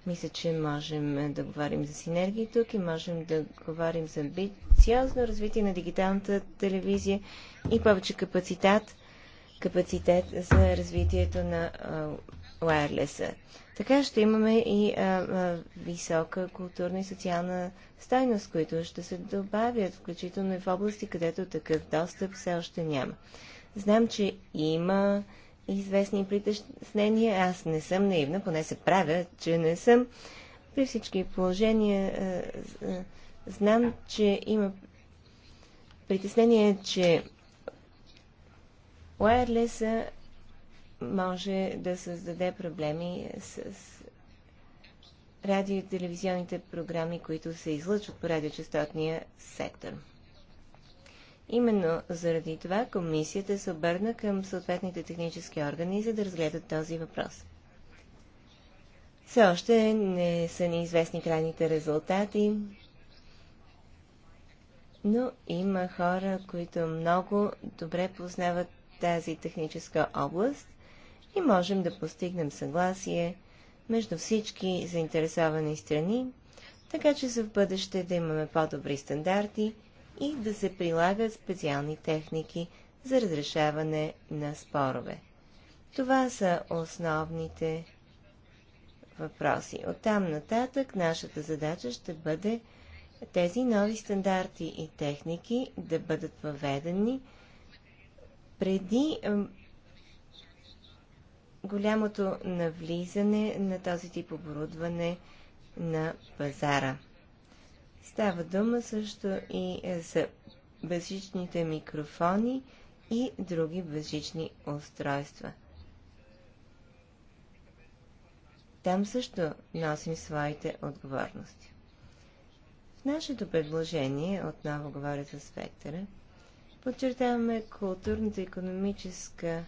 Мисля, че можем е, да говорим за синергии тук и можем да говорим за амбициозно развитие на дигиталната телевизия и повече капацитет, капацитет за развитието на уайрлеса. Така ще имаме и а, а, висока културна и социална стойност, които ще се добавят, включително и в области, където такъв достъп все още няма. Знам, че има известни притеснения. Аз не съм наивна, поне се правя, че не съм. При всички положения знам, че има притеснение, че wireless може да създаде проблеми с радио и телевизионните програми, които се излъчват по радиочастотния сектор. Именно заради това комисията се обърна към съответните технически органи, за да разгледат този въпрос. Все още не са ни известни крайните резултати, но има хора, които много добре познават тази техническа област и можем да постигнем съгласие между всички заинтересовани страни, така че за в бъдеще да имаме по-добри стандарти и да се прилагат специални техники за разрешаване на спорове. Това са основните въпроси. Оттам нататък нашата задача ще бъде тези нови стандарти и техники да бъдат въведени преди голямото навлизане на този тип оборудване на пазара. Става дума също и е, за безжичните микрофони и други безжични устройства. Там също носим своите отговорности. В нашето предложение, отново говоря за спектъра, подчертаваме културната економическа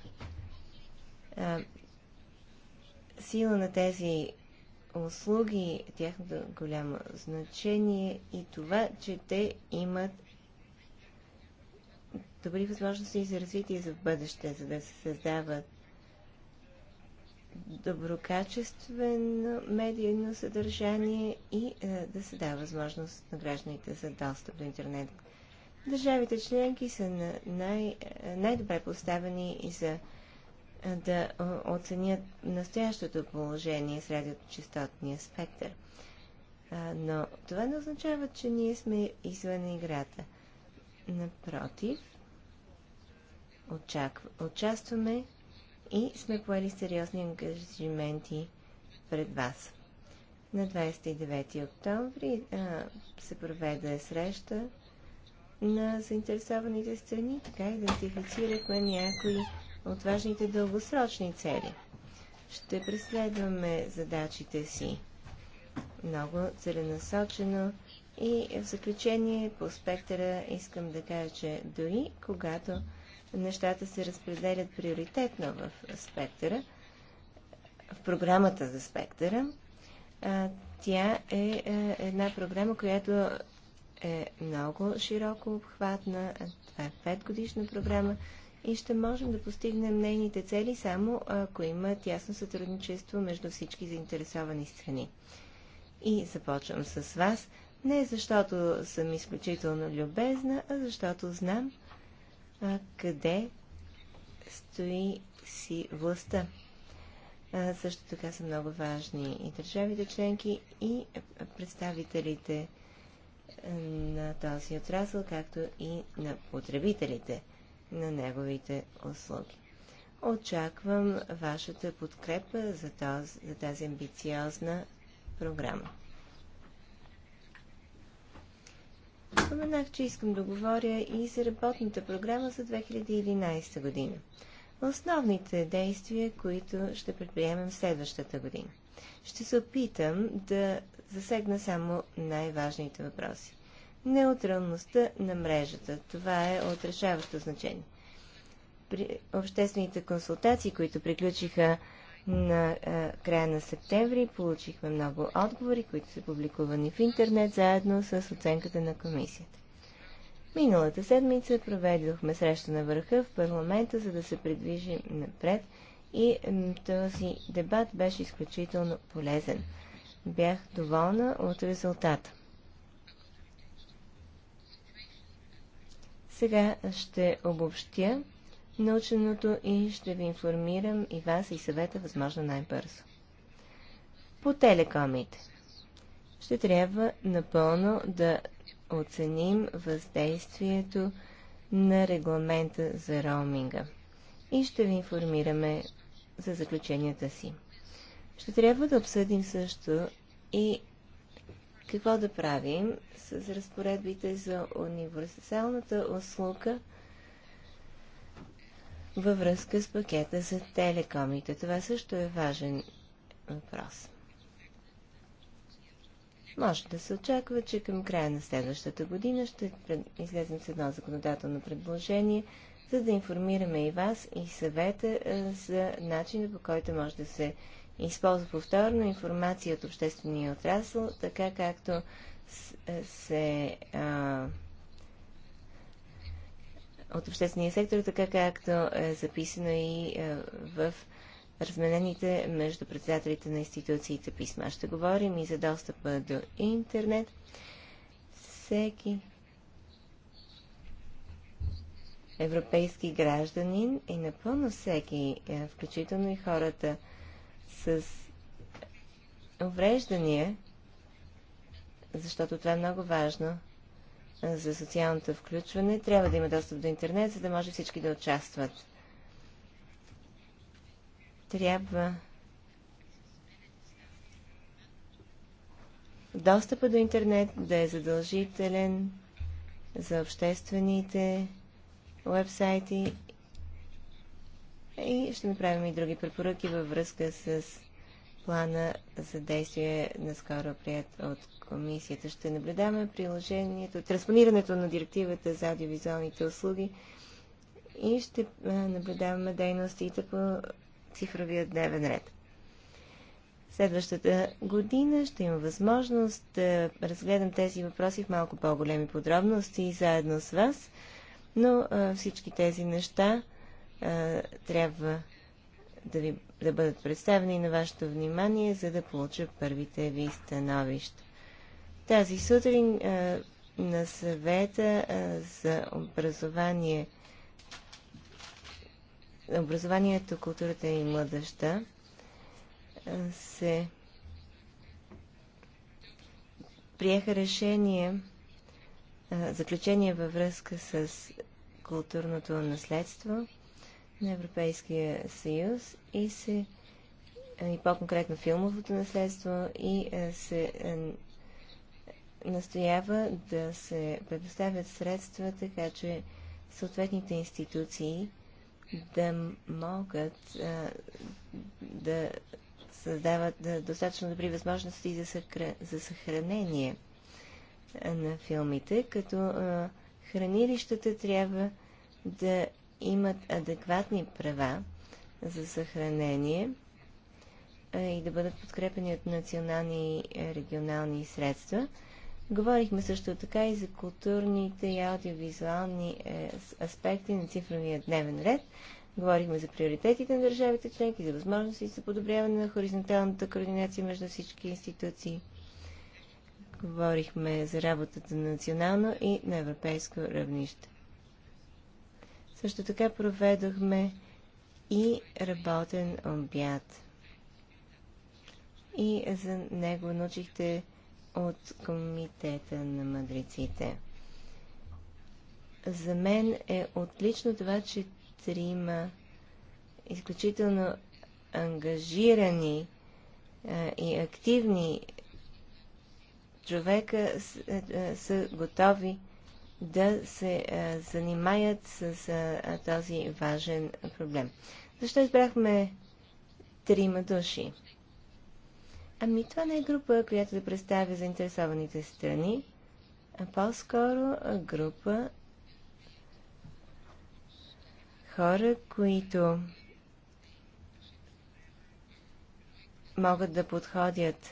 а, сила на тези услуги, тяхното голямо значение и това, че те имат добри възможности за развитие за бъдеще, за да се създават доброкачествено медийно съдържание и е, да се дава възможност на гражданите за достъп до интернет. Държавите членки са е, най-добре поставени и за да оценят настоящото положение с радиочастотния спектър. Но това не означава, че ние сме извън играта. Напротив, очаква, участваме и сме поели сериозни ангажименти пред вас. На 29 октомври а, се проведе среща на заинтересованите страни, така идентифицирахме някои от важните дългосрочни цели. Ще преследваме задачите си много целенасочено и в заключение по спектъра искам да кажа, че дори когато нещата се разпределят приоритетно в спектъра, в програмата за спектъра, тя е, е една програма, която е много широко обхватна. Това е 5 годишна програма и ще можем да постигнем нейните цели само ако има тясно сътрудничество между всички заинтересовани страни. И започвам с вас, не защото съм изключително любезна, а защото знам а, къде стои си властта. А, също така са много важни и държавите членки, и представителите на този отрасъл, както и на потребителите – на неговите услуги. Очаквам вашата подкрепа за тази, за тази амбициозна програма. Споменах, че искам да говоря и за работната програма за 2011 година. Основните действия, които ще предприемем следващата година. Ще се опитам да засегна само най-важните въпроси неутралността на мрежата. Това е от решаващо значение. При обществените консултации, които приключиха на а, е, края на септември, получихме много отговори, които са публикувани в интернет, заедно с оценката на комисията. Миналата седмица проведохме среща на върха в парламента, за да се придвижим напред и този дебат беше изключително полезен. Бях доволна от резултата. Сега ще обобщя наученото и ще ви информирам и вас и съвета възможно най-бързо. По телекомите ще трябва напълно да оценим въздействието на регламента за роуминга и ще ви информираме за заключенията си. Ще трябва да обсъдим също и какво да правим с разпоредбите за универсалната услуга във връзка с пакета за телекомите. Това също е важен въпрос. Може да се очаква, че към края на следващата година ще излезем с едно законодателно предложение, за да информираме и вас и съвета за начина по който може да се използва повторно информация от обществения отрасъл, така както е, се а, от обществения сектор, така както е записано и е, в разменените между председателите на институциите писма. Ще говорим и за достъпа до интернет. Всеки европейски гражданин и напълно всеки, е, включително и хората, с увреждания, защото това е много важно за социалното включване, трябва да има достъп до интернет, за да може всички да участват. Трябва достъпа до интернет да е задължителен за обществените вебсайти и ще направим и други препоръки във връзка с плана за действие на скоро прият от комисията. Ще наблюдаваме приложението, транспонирането на директивата за аудиовизуалните услуги и ще наблюдаваме дейностите по цифровия дневен ред. Следващата година ще има възможност да разгледам тези въпроси в малко по-големи подробности заедно с вас, но всички тези неща трябва да, ви, да бъдат представени на вашето внимание, за да получа първите ви становища. Тази сутрин а, на съвета а, за образование образованието, културата и младеща се приеха решение, заключение във връзка с културното наследство на Европейския съюз и се и по-конкретно филмовото наследство и се настоява да се предоставят средства, така че съответните институции да могат а, да създават достатъчно добри възможности за, съкра... за съхранение на филмите, като а, хранилищата трябва да имат адекватни права за съхранение и да бъдат подкрепени от национални и е, регионални средства. Говорихме също така и за културните и аудиовизуални е, аспекти на цифровия дневен ред. Говорихме за приоритетите на държавите членки, за възможности за подобряване на хоризонталната координация между всички институции. Говорихме за работата на национално и на европейско равнище. Също така проведохме и работен обяд. И за него научихте от Комитета на мъдреците. За мен е отлично това, че трима изключително ангажирани а, и активни човека с, а, са готови да се занимаят с този важен проблем. Защо избрахме трима души? Ами това не е група, която да представя заинтересованите страни, а по-скоро група хора, които могат да подходят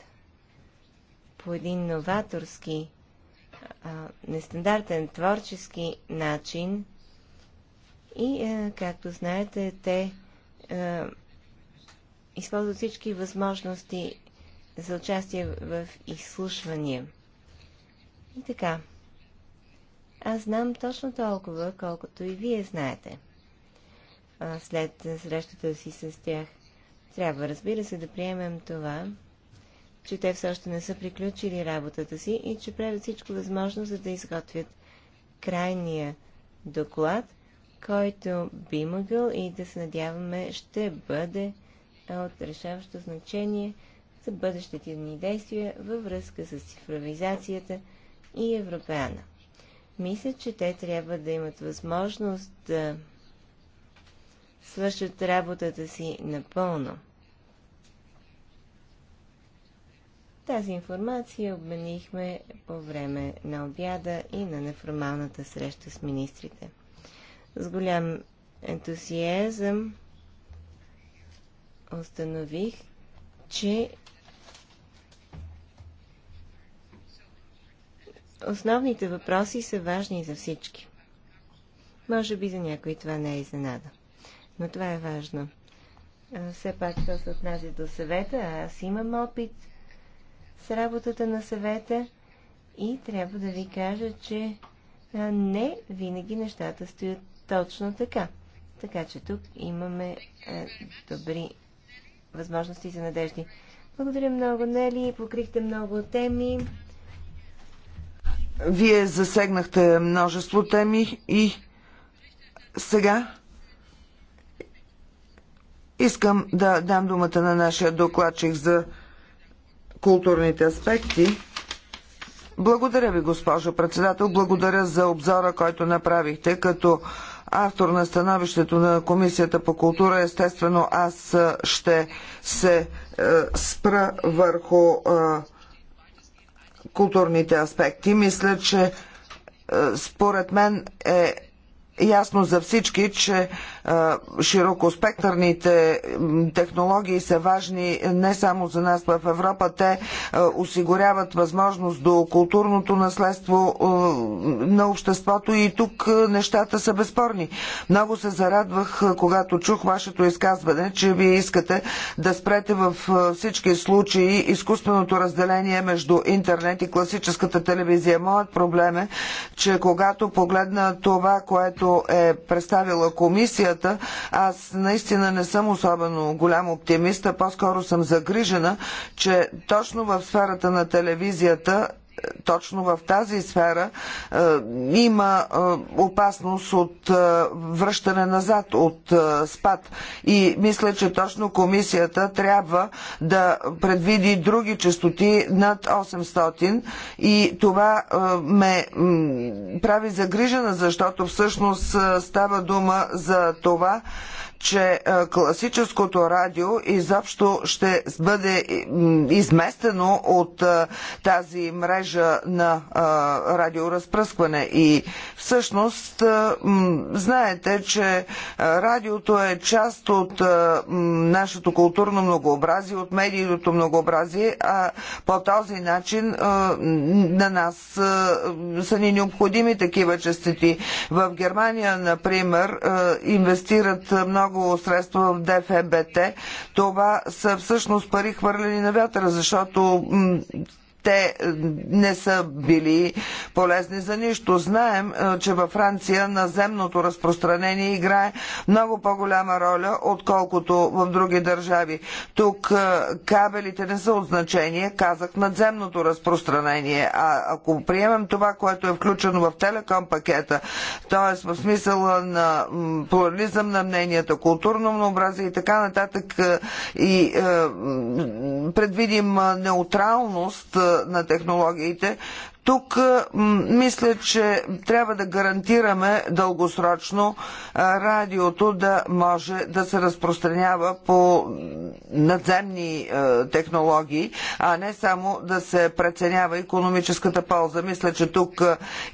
по един новаторски нестандартен творчески начин и, както знаете, те използват всички възможности за участие в изслушвания. И така. Аз знам точно толкова, колкото и вие знаете. А след срещата си с тях, трябва, разбира се, да приемем това, че те все още не са приключили работата си и че правят всичко възможно, за да изготвят крайния доклад, който би могъл и да се надяваме ще бъде от решаващо значение за бъдещите ни действия във връзка с цифровизацията и Европеана. Мисля, че те трябва да имат възможност да свършат работата си напълно – Тази информация обменихме по време на обяда и на неформалната среща с министрите. С голям ентусиазъм установих, че основните въпроси са важни за всички. Може би за някои това не е изненада. Но това е важно. Все пак, що се отнася до съвета, аз имам опит – с работата на съвета и трябва да ви кажа, че не винаги нещата стоят точно така. Така че тук имаме е, добри възможности за надежди. Благодаря много, Нели. Покрихте много теми. Вие засегнахте множество теми и сега искам да дам думата на нашия докладчик за културните аспекти. Благодаря ви, госпожо председател. Благодаря за обзора, който направихте като автор на становището на Комисията по култура. Естествено, аз ще се е, спра върху е, културните аспекти. Мисля, че според мен е ясно за всички, че е, широкоспектърните технологии са важни не само за нас в Европа, те е, осигуряват възможност до културното наследство е, на обществото и тук нещата са безспорни. Много се зарадвах, когато чух вашето изказване, че вие искате да спрете във всички случаи изкуственото разделение между интернет и класическата телевизия. Моят проблем е, че когато погледна това, което които е представила комисията, аз наистина не съм особено голям оптимист, а по-скоро съм загрижена, че точно в сферата на телевизията точно в тази сфера е, има е, опасност от е, връщане назад, от спад. И мисля, че точно комисията трябва да предвиди други частоти над 800 и това ме прави загрижена, защото всъщност става дума за това, че е, класическото радио изобщо ще бъде изместено от е, тази мрежа на е, радиоразпръскване. И всъщност знаете, че радиото е част от нашето културно многообразие, от медийното многообразие, а по този начин на нас са ни необходими такива частити. В Германия, например, инвестират много много средства в ДФБТ. Това са всъщност пари хвърлени на вятъра, защото те е, не са били полезни за нищо. Знаем, е, че във Франция наземното разпространение играе много по-голяма роля, отколкото в други държави. Тук е, кабелите не са от значение, казах надземното разпространение. А ако приемем това, което е включено в телеком пакета, т.е. в смисъла на плурализъм на мненията, културно многообразие и така нататък, и предвидим неутралност на технологиите. Тук мисля, че трябва да гарантираме дългосрочно радиото да може да се разпространява по надземни технологии, а не само да се преценява економическата полза. Мисля, че тук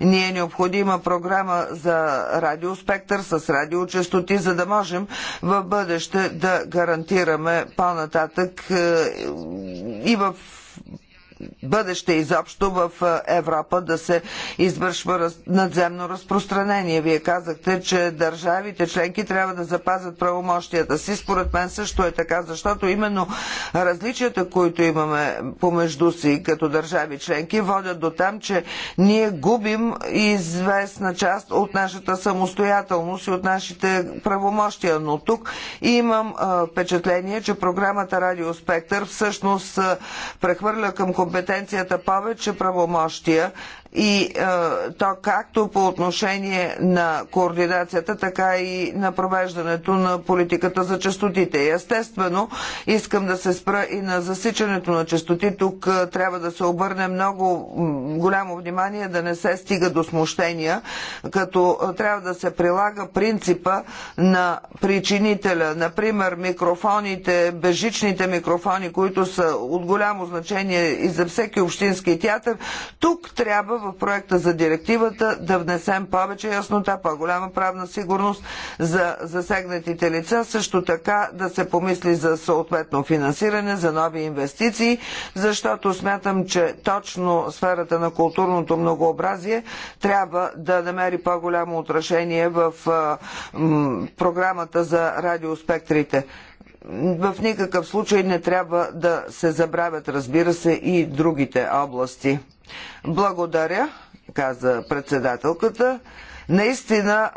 ни е необходима програма за радиоспектър с радиочастоти, за да можем в бъдеще да гарантираме по-нататък и в бъдеще изобщо в Европа да се извършва надземно разпространение. Вие казахте, че държавите членки трябва да запазят правомощията си. Според мен също е така, защото именно различията, които имаме помежду си като държави членки, водят до там, че ние губим известна част от нашата самостоятелност и от нашите правомощия. Но тук имам впечатление, че програмата Радиоспектър всъщност прехвърля към компетенция компетенцията повече правомощия и е, то както по отношение на координацията, така и на провеждането на политиката за частотите. Естествено, искам да се спра и на засичането на частоти. Тук е, трябва да се обърне много голямо внимание да не се стига до смущения, като е, трябва да се прилага принципа на причинителя. Например, микрофоните, бежичните микрофони, които са от голямо значение и за всеки общински театър, тук трябва в проекта за директивата да внесем повече яснота, по-голяма правна сигурност за засегнатите лица, също така да се помисли за съответно финансиране, за нови инвестиции, защото смятам, че точно сферата на културното многообразие трябва да намери по-голямо отражение в програмата за радиоспектрите в никакъв случай не трябва да се забравят, разбира се, и другите области. Благодаря, каза председателката. Наистина,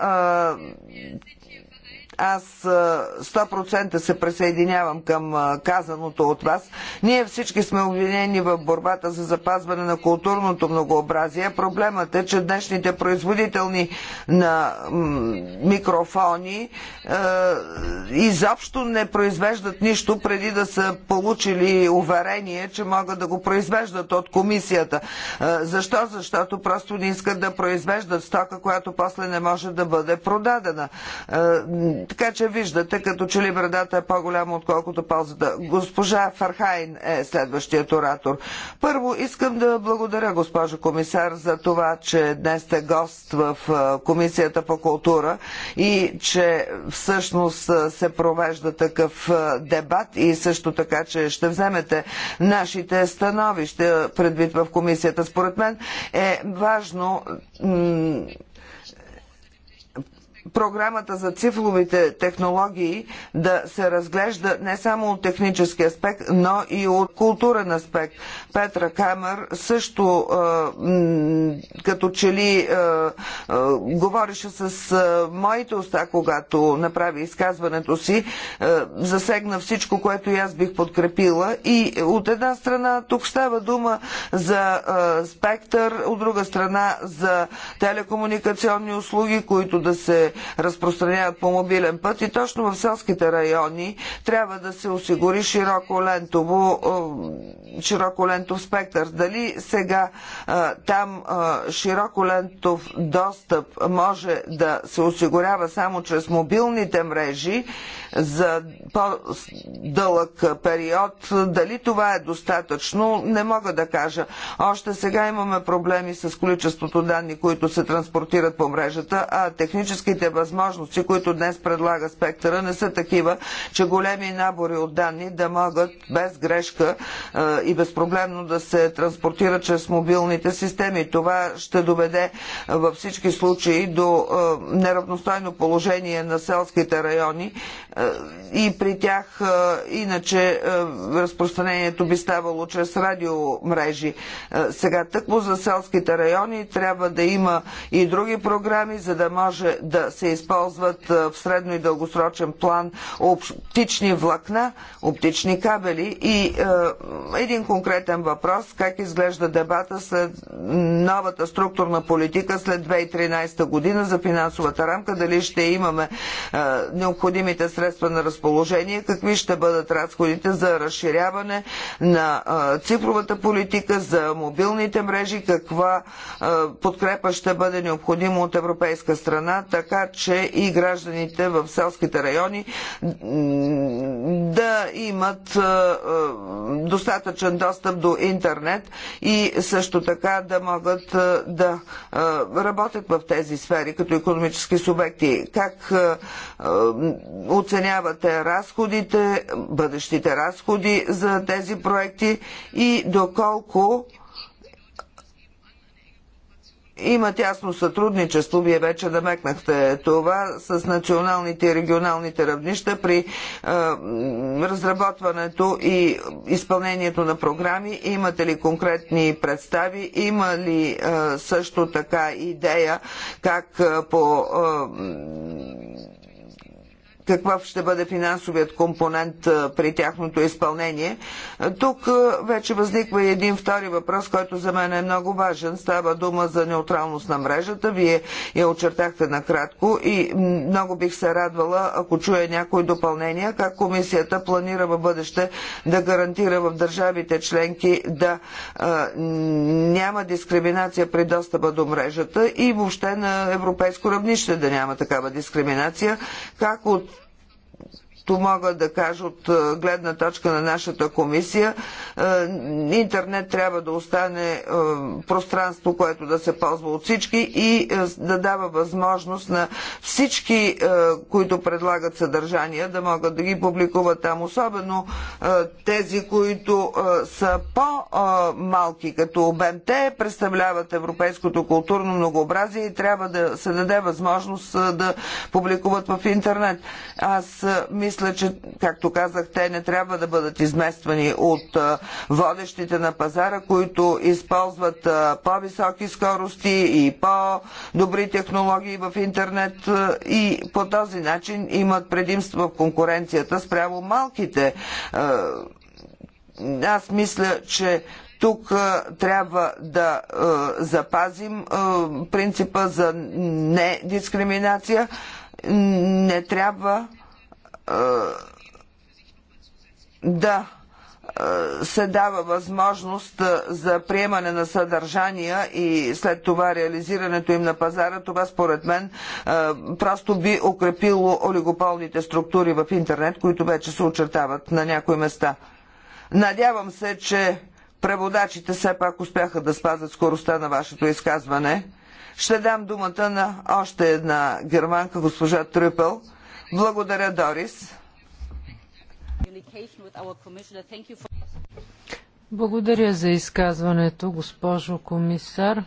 аз 100% се присъединявам към казаното от вас. Ние всички сме обвинени в борбата за запазване на културното многообразие. Проблемът е, че днешните производителни на микрофони изобщо не произвеждат нищо преди да са получили уверение, че могат да го произвеждат от комисията. защо? Защото просто не искат да произвеждат стока, която после не може да бъде продадена. Така че виждате, като че ли вредата е по-голяма, отколкото ползата. Госпожа Фархайн е следващият оратор. Първо искам да благодаря, госпожа комисар, за това, че днес сте гост в Комисията по култура и че всъщност се провежда такъв дебат и също така, че ще вземете нашите становища предвид в Комисията. Според мен е важно програмата за цифровите технологии да се разглежда не само от технически аспект, но и от културен аспект. Петра Камер също като че ли говореше с моите уста, когато направи изказването си, засегна всичко, което и аз бих подкрепила. И от една страна тук става дума за спектър, от друга страна за телекомуникационни услуги, които да се разпространяват по мобилен път и точно в селските райони трябва да се осигури широко лентово, е, широко лентов спектър. Дали сега е, там е, широко лентов достъп може да се осигурява само чрез мобилните мрежи за по-дълъг период, дали това е достатъчно, не мога да кажа. Още сега имаме проблеми с количеството данни, които се транспортират по мрежата, а техническите техническите възможности, които днес предлага спектъра, не са такива, че големи набори от данни да могат без грешка и безпроблемно да се транспортират чрез мобилните системи. Това ще доведе във всички случаи до неравностойно положение на селските райони и при тях иначе разпространението би ставало чрез радиомрежи. Сега тъкмо за селските райони трябва да има и други програми, за да може да се използват в средно и дългосрочен план оптични влакна, оптични кабели. И е, един конкретен въпрос, как изглежда дебата след новата структурна политика след 2013 година за финансовата рамка, дали ще имаме е, необходимите средства на разположение, какви ще бъдат разходите за разширяване на е, цифровата политика, за мобилните мрежи, каква подкрепа ще бъде необходима от европейска страна, така че и гражданите в селските райони да имат достатъчен достъп до интернет и също така да могат да работят в тези сфери като економически субекти. Как оценявате разходите, бъдещите разходи за тези проекти и доколко има тясно сътрудничество, вие вече намекнахте това, с националните и регионалните равнища при е, разработването и изпълнението на програми. Имате ли конкретни представи? Има ли е, също така идея как е, по. Е, какъв ще бъде финансовият компонент при тяхното изпълнение. Тук вече възниква и един втори въпрос, който за мен е много важен. Става дума за неутралност на мрежата. Вие я очертахте накратко и много бих се радвала, ако чуя някои допълнения, как комисията планира в бъдеще да гарантира в държавите членки да а, няма дискриминация при достъпа до мрежата и въобще на европейско равнище да няма такава дискриминация. Как от Каквото мога да кажа от е, гледна точка на нашата комисия, е, интернет трябва да остане е, пространство, което да се ползва от всички и да дава възможност на всички, които предлагат съдържания, да могат да ги публикуват там, особено тези, които са по-малки като обем. Те представляват европейското културно многообразие и трябва да се даде възможност да публикуват в интернет. Аз мисля, мисля, че, както казах, те не трябва да бъдат измествани от водещите на пазара, които използват по-високи скорости и по-добри технологии в интернет и по този начин имат предимство в конкуренцията спрямо малките. Аз мисля, че тук трябва да запазим принципа за недискриминация. Не трябва да се дава възможност за приемане на съдържания и след това реализирането им на пазара, това според мен просто би укрепило олигополните структури в интернет, които вече се очертават на някои места. Надявам се, че преводачите все пак успяха да спазят скоростта на вашето изказване. Ще дам думата на още една германка, госпожа Трюпел. Благодаря, Дорис. Благодаря за изказването, госпожо комисар.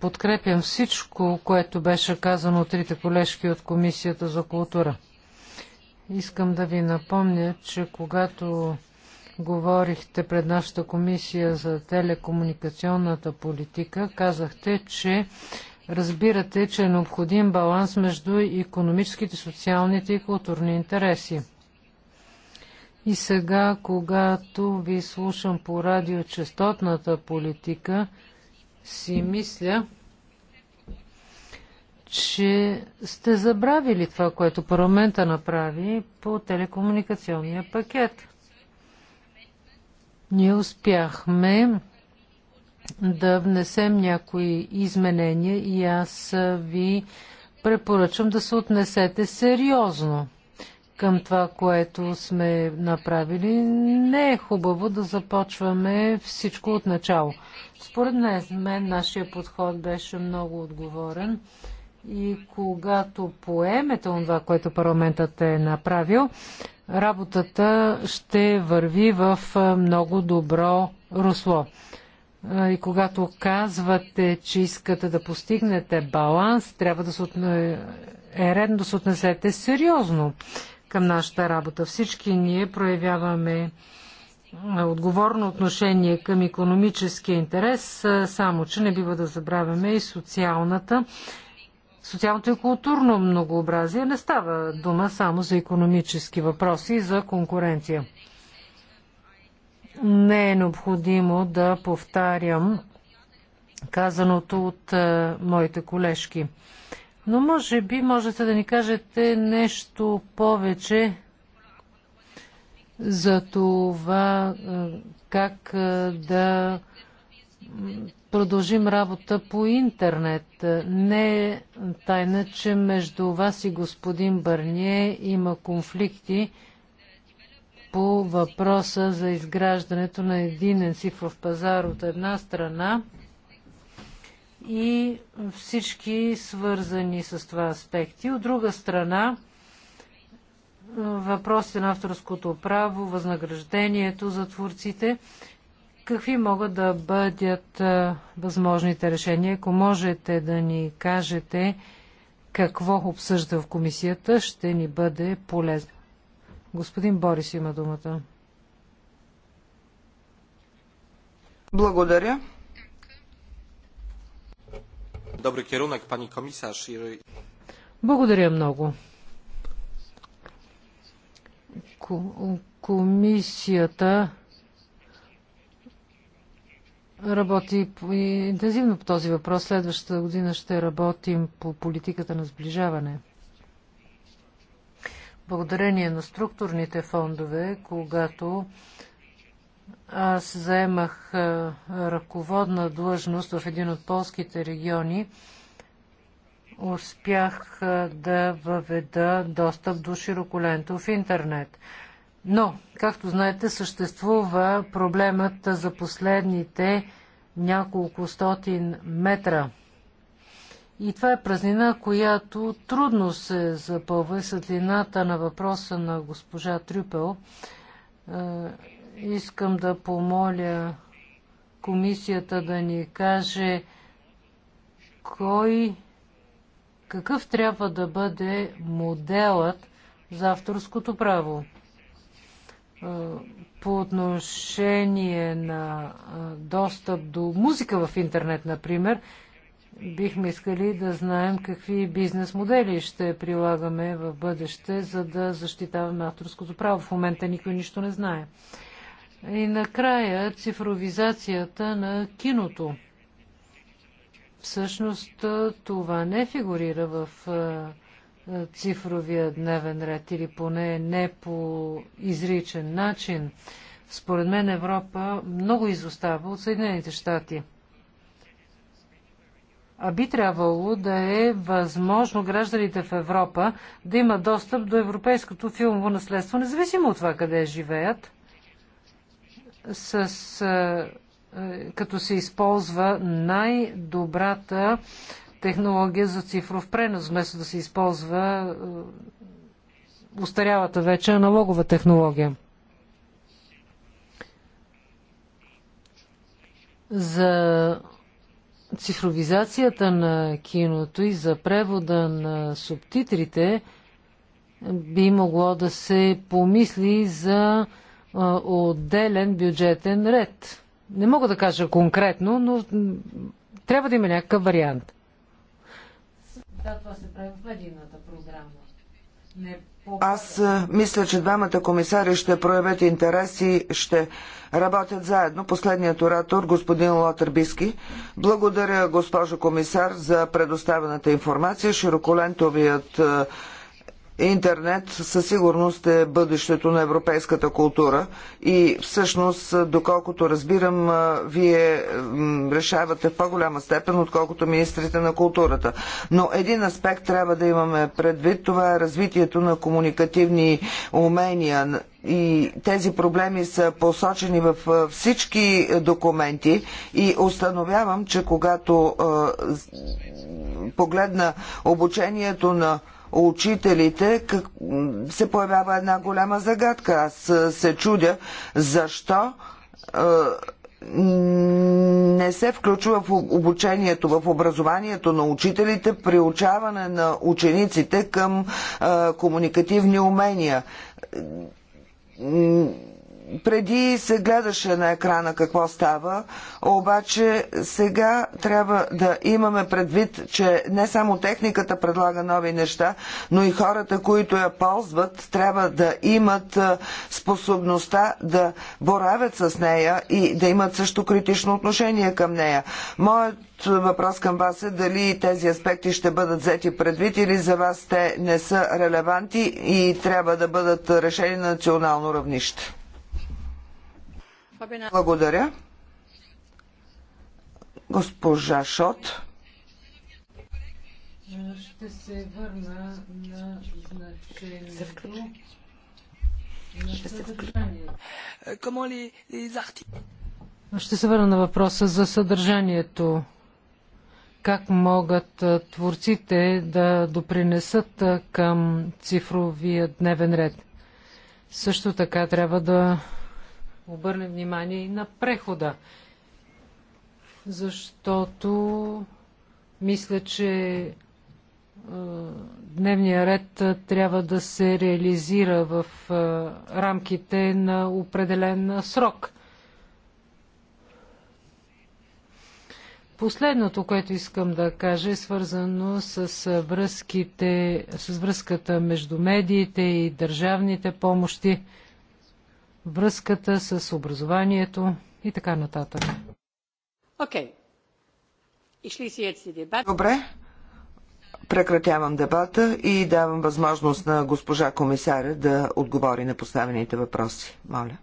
Подкрепям всичко, което беше казано от трите колежки от Комисията за култура. Искам да ви напомня, че когато говорихте пред нашата комисия за телекомуникационната политика, казахте, че разбирате, че е необходим баланс между економическите, социалните и културни интереси. И сега, когато ви слушам по радиочастотната политика, си мисля, че сте забравили това, което парламента направи по телекомуникационния пакет. Ние успяхме да внесем някои изменения и аз ви препоръчвам да се отнесете сериозно към това, което сме направили. Не е хубаво да започваме всичко от начало. Според мен нашия подход беше много отговорен и когато поемете това, което парламентът е направил, работата ще върви в много добро русло. И когато казвате, че искате да постигнете баланс, трябва да се отне... е редно да се отнесете сериозно към нашата работа. Всички ние проявяваме отговорно отношение към економическия интерес, само че не бива да забравяме и социалната социалното и културно многообразие. Не става дума само за економически въпроси и за конкуренция. Не е необходимо да повтарям казаното от е, моите колежки. Но може би можете да ни кажете нещо повече за това е, как е, да продължим работа по интернет. Не е тайна, че между вас и господин Бърние има конфликти по въпроса за изграждането на единен цифров пазар от една страна и всички свързани с това аспекти. От друга страна, въпросите на авторското право, възнаграждението за творците какви могат да бъдат възможните решения? Ако можете да ни кажете какво обсъжда в комисията, ще ни бъде полезно. Господин Борис има думата. Благодаря. Добър керунък, пани комисар. Благодаря много. Комисията работи интензивно по този въпрос. Следващата година ще работим по политиката на сближаване. Благодарение на структурните фондове, когато аз заемах ръководна длъжност в един от полските региони, успях да въведа достъп до широколентов интернет. Но, както знаете, съществува проблемът за последните няколко стотин метра. И това е празнина, която трудно се запълва. Светлината на въпроса на госпожа Трюпел е, искам да помоля комисията да ни каже кой, какъв трябва да бъде моделът за авторското право по отношение на достъп до музика в интернет, например, бихме искали да знаем какви бизнес модели ще прилагаме в бъдеще, за да защитаваме авторското право. В момента никой нищо не знае. И накрая цифровизацията на киното. Всъщност това не фигурира в е, цифровия дневен ред или поне не по изричен начин. Според мен Европа много изостава от Съединените щати. А би трябвало да е възможно гражданите в Европа да имат достъп до европейското филмово наследство, независимо от това къде живеят, с, е, е, като се използва най-добрата технология за цифров пренос, вместо да се използва е, устарялата вече аналогова технология. За цифровизацията на киното и за превода на субтитрите е, би могло да се помисли за е, отделен бюджетен ред. Не мога да кажа конкретно, но трябва да има някакъв вариант. Да, това се прави в медийната програма. Аз мисля, че двамата комисари ще проявят интерес и ще работят заедно. Последният оратор, господин Лотър Биски. Благодаря, госпожо комисар, за предоставената информация. Широколентовият интернет със сигурност е бъдещето на европейската култура и всъщност, доколкото разбирам, вие решавате в по-голяма степен, отколкото министрите на културата. Но един аспект трябва да имаме предвид, това е развитието на комуникативни умения и тези проблеми са посочени в всички документи и установявам, че когато погледна обучението на учителите как, се появява една голяма загадка. Аз се чудя защо не се включва в обучението, в образованието на учителите, приучаване на учениците към а, комуникативни умения преди се гледаше на екрана какво става, обаче сега трябва да имаме предвид, че не само техниката предлага нови неща, но и хората, които я ползват, трябва да имат способността да боравят с нея и да имат също критично отношение към нея. Моят въпрос към вас е дали тези аспекти ще бъдат взети предвид или за вас те не са релеванти и трябва да бъдат решени на национално равнище. Благодаря. Госпожа Шот. Ще се върна на значението ще се върна на въпроса за съдържанието. Как могат творците да допринесат към цифровия дневен ред? Също така трябва да обърнем внимание и на прехода, защото мисля, че дневния ред трябва да се реализира в рамките на определен срок. Последното, което искам да кажа, е свързано с, връзките, с връзката между медиите и държавните помощи връзката с образованието и така нататък. Okay. Добре, прекратявам дебата и давам възможност на госпожа комисаря да отговори на поставените въпроси. Моля.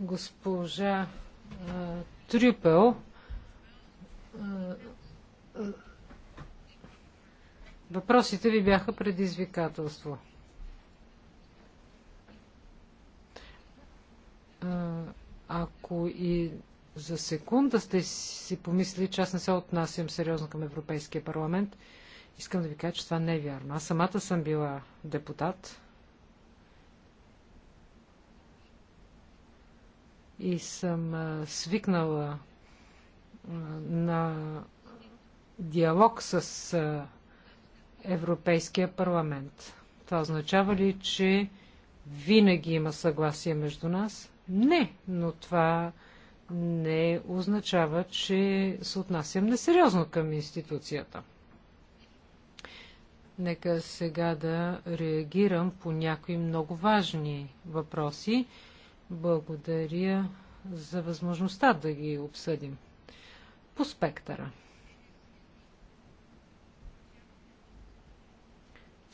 Госпожа Трюпел Въпросите ви бяха предизвикателство. Ако и за секунда сте си помислили, че аз не се отнасям сериозно към Европейския парламент, искам да ви кажа, че това не е вярно. Аз самата съм била депутат и съм свикнала на диалог с Европейския парламент. Това означава ли, че винаги има съгласие между нас? Не, но това не означава, че се отнасям несериозно към институцията. Нека сега да реагирам по някои много важни въпроси. Благодаря за възможността да ги обсъдим. По спектъра.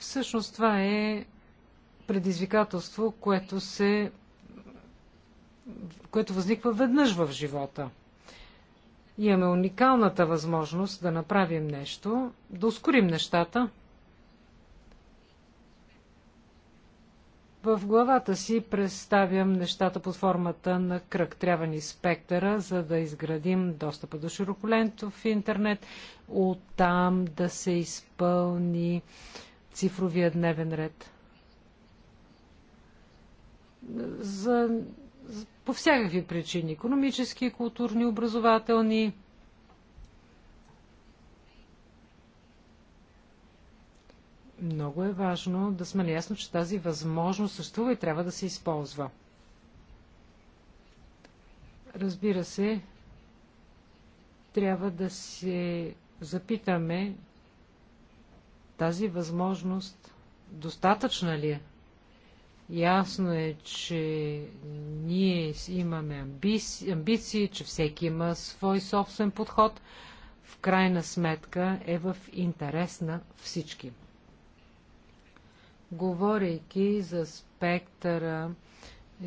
Всъщност това е предизвикателство, което се което възниква веднъж в живота. Имаме уникалната възможност да направим нещо, да ускорим нещата. В главата си представям нещата под формата на кръг. Трябва ни спектъра, за да изградим достъпа до широколентов интернет, оттам да се изпълни цифровия дневен ред. За, по всякакви причини. Економически, културни, образователни. Много е важно да сме наясно, че тази възможност съществува и трябва да се използва. Разбира се, трябва да се запитаме тази възможност достатъчна ли е? Ясно е, че ние имаме амбиции, амбиции, че всеки има свой собствен подход. В крайна сметка е в интерес на всички. Говорейки за спектъра,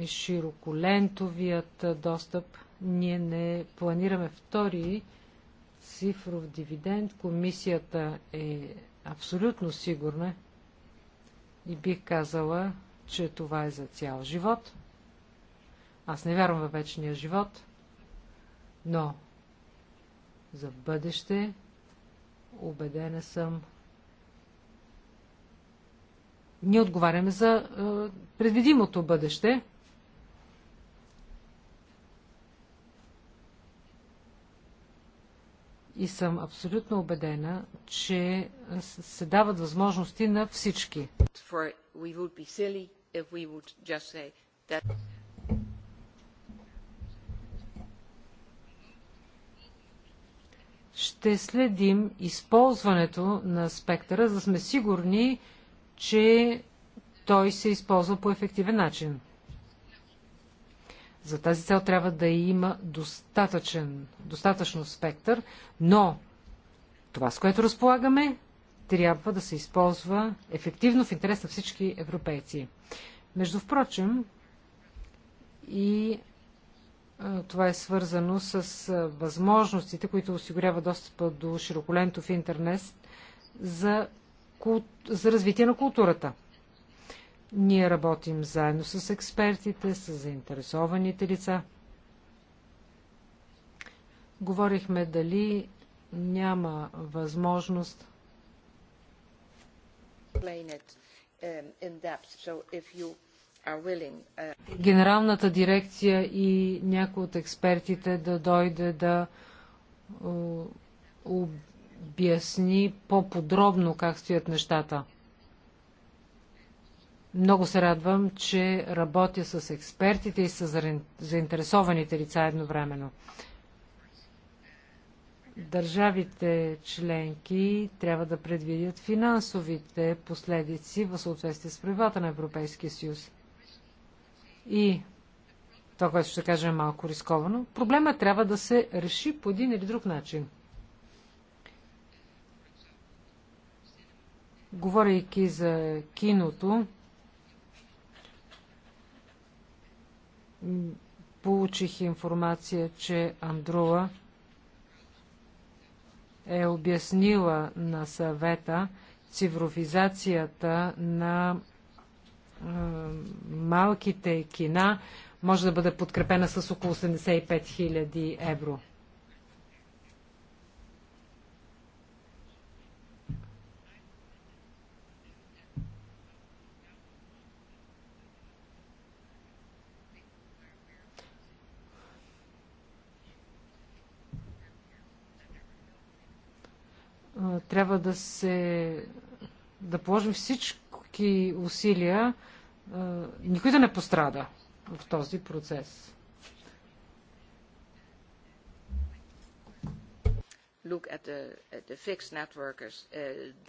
широколентовият достъп, ние не планираме втори цифров дивиденд. Комисията е абсолютно сигурна и бих казала, че това е за цял живот. Аз не вярвам във вечния живот, но за бъдеще убедена съм. Ние отговаряме за предвидимото бъдеще, и съм абсолютно убедена, че се дават възможности на всички. Ще следим използването на спектъра, за да сме сигурни, че той се използва по ефективен начин. За тази цел трябва да има достатъчен, достатъчно спектър, но това, с което разполагаме, трябва да се използва ефективно в интерес на всички европейци. Между впрочем, и това е свързано с възможностите, които осигурява достъпа до широколентов интернет за, за развитие на културата. Ние работим заедно с експертите, с заинтересованите лица. Говорихме дали няма възможност Генералната дирекция и някой от експертите да дойде да е, обясни по-подробно как стоят нещата. Много се радвам, че работя с експертите и с заинтересованите лица едновременно. Държавите членки трябва да предвидят финансовите последици в съответствие с правилата на Европейския съюз. И това, което ще кажа е малко рисковано, проблема трябва да се реши по един или друг начин. Говорейки за киното, получих информация, че Андрула е обяснила на съвета цифровизацията на е, малките кина може да бъде подкрепена с около 85 000 евро. трябва да се да положим всички усилия, никой да не пострада в този процес. look at the, at the fixed networkers, uh,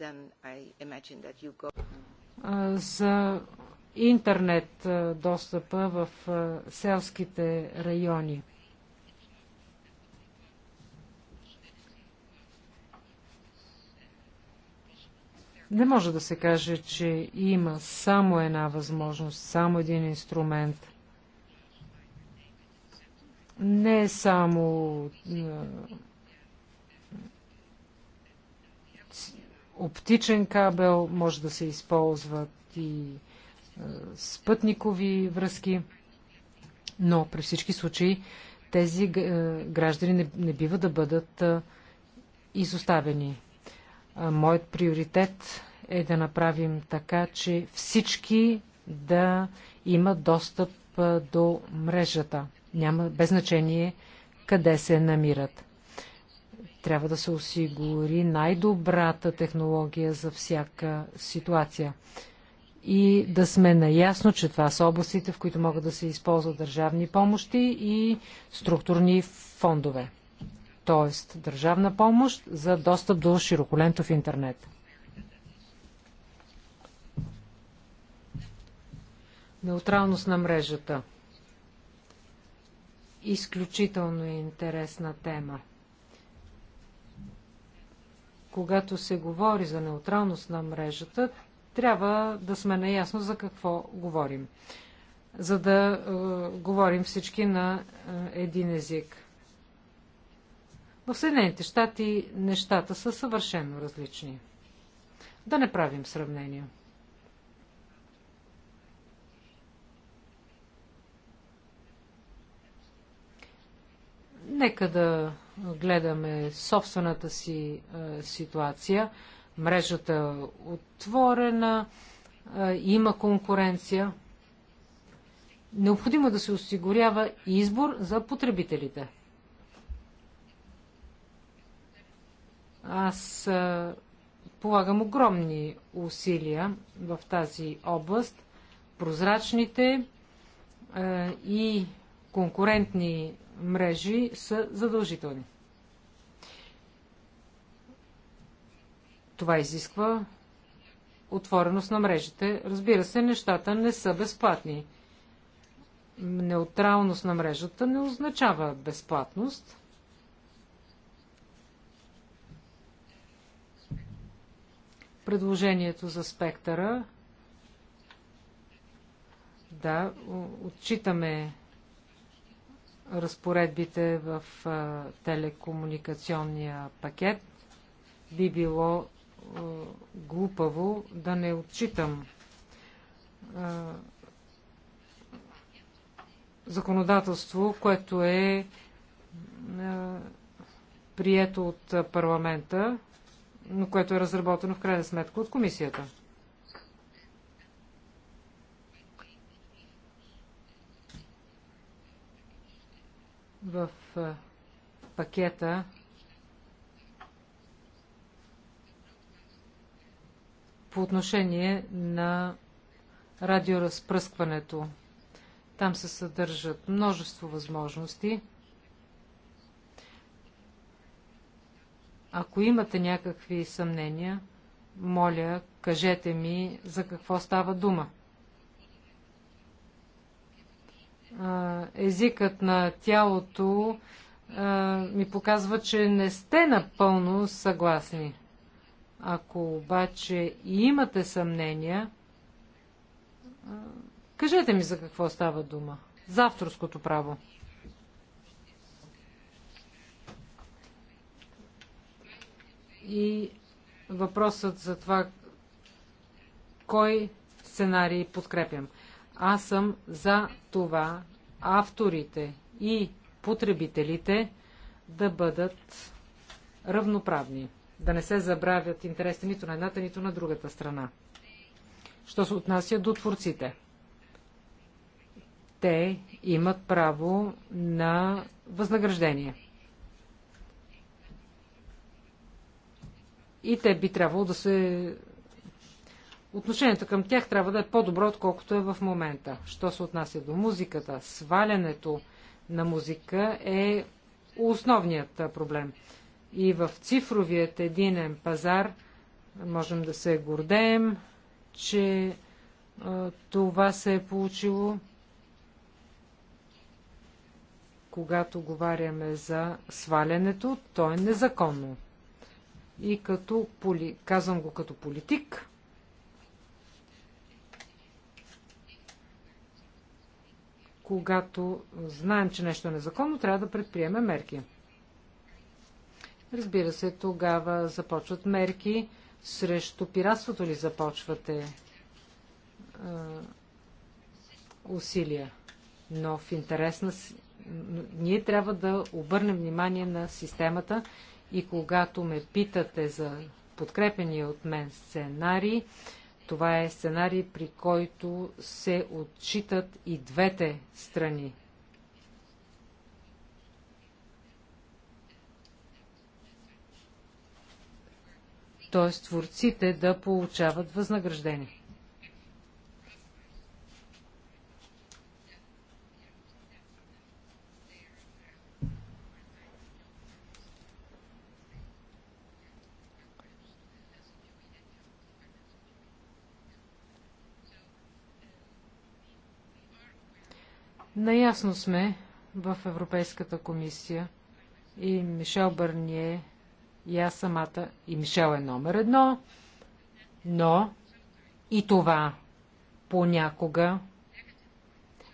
then I imagine that you go... За интернет достъпа в селските райони. Не може да се каже, че има само една възможност, само един инструмент. Не е само е, оптичен кабел, може да се използват и е, спътникови връзки, но при всички случаи тези граждани не, не бива да бъдат изоставени. Моят приоритет е да направим така, че всички да имат достъп до мрежата. Няма без значение къде се намират. Трябва да се осигури най-добрата технология за всяка ситуация. И да сме наясно, че това са областите, в които могат да се използват държавни помощи и структурни фондове т.е. държавна помощ за достъп до широколентов интернет. Неутралност на мрежата. Изключително е интересна тема. Когато се говори за неутралност на мрежата, трябва да сме наясно за какво говорим, за да е, говорим всички на е, един език. В Съединените щати нещата са съвършено различни. Да не правим сравнения. Нека да гледаме собствената си е, ситуация. Мрежата е отворена, е, има конкуренция. Необходимо е да се осигурява избор за потребителите – Аз полагам огромни усилия в тази област. Прозрачните и конкурентни мрежи са задължителни. Това изисква отвореност на мрежите. Разбира се, нещата не са безплатни. Неутралност на мрежата не означава безплатност. предложението за спектъра. Да, отчитаме разпоредбите в телекомуникационния пакет. Би било глупаво да не отчитам законодателство, което е прието от парламента но което е разработено в крайна сметка от комисията. В пакета по отношение на радиоразпръскването. Там се съдържат множество възможности. Ако имате някакви съмнения, моля, кажете ми за какво става дума. Езикът на тялото ми показва, че не сте напълно съгласни. Ако обаче имате съмнения, кажете ми за какво става дума. За авторското право. и въпросът за това кой сценарий подкрепям. Аз съм за това авторите и потребителите да бъдат равноправни, да не се забравят интересите нито на едната, нито на другата страна. Що се отнася до творците? Те имат право на възнаграждение – и те би трябвало да се... Отношението към тях трябва да е по-добро, отколкото е в момента. Що се отнася до музиката, свалянето на музика е основният проблем. И в цифровият единен пазар можем да се гордеем, че това се е получило, когато говаряме за свалянето, то е незаконно и като, поли... казвам го като политик, когато знаем, че нещо е незаконно, трябва да предприеме мерки. Разбира се, тогава започват мерки срещу пиратството ли започвате а, усилия. Но в интерес на... Ние трябва да обърнем внимание на системата и когато ме питате за подкрепения от мен сценарий, това е сценарий, при който се отчитат и двете страни. Т.е. творците да получават възнаграждение. Наясно сме в Европейската комисия и Мишел Бърние и аз самата, и Мишел е номер едно, но и това понякога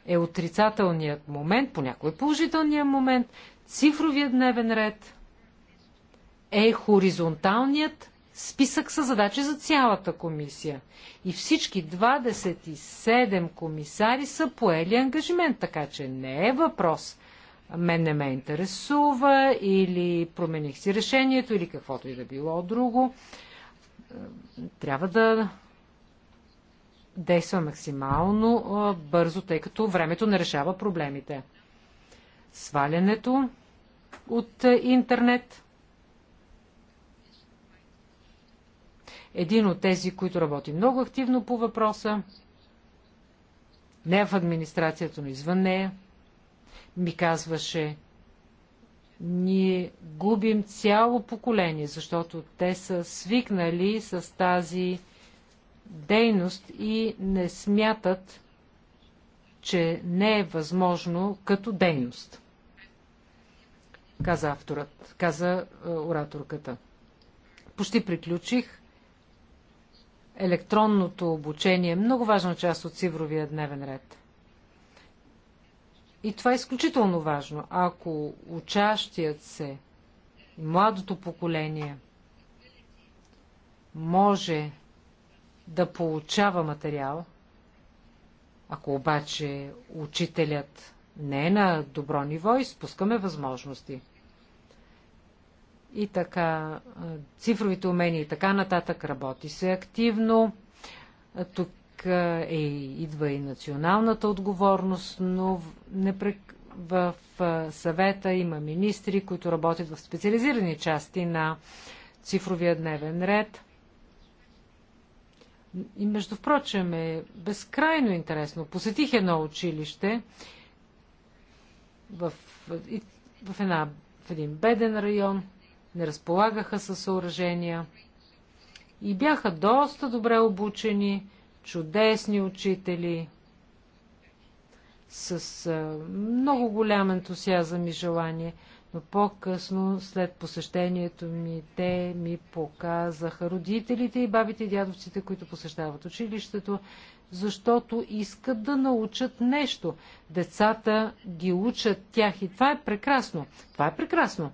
е отрицателният момент, понякога е положителният момент, цифровият дневен ред – е хоризонталният списък с задачи за цялата комисия. И всички 27 комисари са поели ангажимент, така че не е въпрос мен не ме интересува или промених си решението или каквото и да било друго. Е, трябва да действа максимално е, бързо, тъй като времето не решава проблемите. Свалянето от е, интернет един от тези, които работи много активно по въпроса, не в администрацията, но извън нея, ми казваше, ние губим цяло поколение, защото те са свикнали с тази дейност и не смятат, че не е възможно като дейност. Каза авторът, каза е, ораторката. Почти приключих електронното обучение е много важна част от цифровия дневен ред. И това е изключително важно. Ако учащият се, младото поколение, може да получава материал, ако обаче учителят не е на добро ниво, изпускаме възможности и така, цифровите умения и така нататък. Работи се активно. Тук е, идва и националната отговорност, но непрек... в съвета има министри, които работят в специализирани части на цифровия дневен ред. И между впрочем е безкрайно интересно. Посетих едно училище в, в, една, в един беден район, не разполагаха със съоръжения и бяха доста добре обучени, чудесни учители, с много голям ентусиазъм и желание. Но по-късно, след посещението ми, те ми показаха родителите и бабите и дядовците, които посещават училището, защото искат да научат нещо. Децата ги учат тях и това е прекрасно. Това е прекрасно.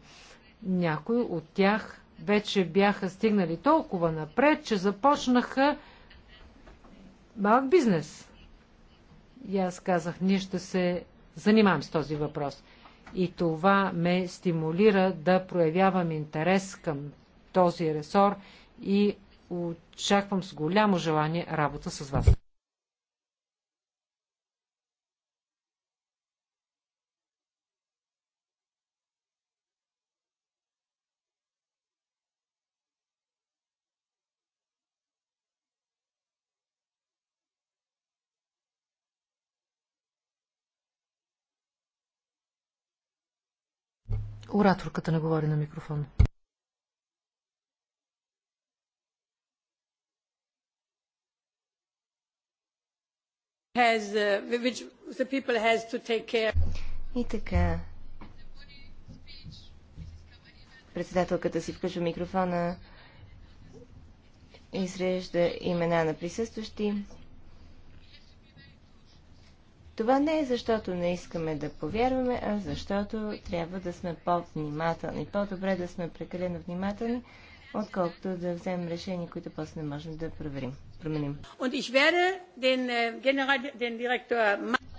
Някои от тях вече бяха стигнали толкова напред, че започнаха малък бизнес. И аз казах, ние ще се занимавам с този въпрос. И това ме стимулира да проявявам интерес към този ресор и очаквам с голямо желание работа с вас. Ораторката не говори на микрофон. Uh, и така. Председателката си включва микрофона, И среща имена на присъстващи. Това не е защото не искаме да повярваме, а защото трябва да сме по-внимателни. По-добре да сме прекалено внимателни, отколкото да вземем решения, които после не можем да проверим. променим. Äh,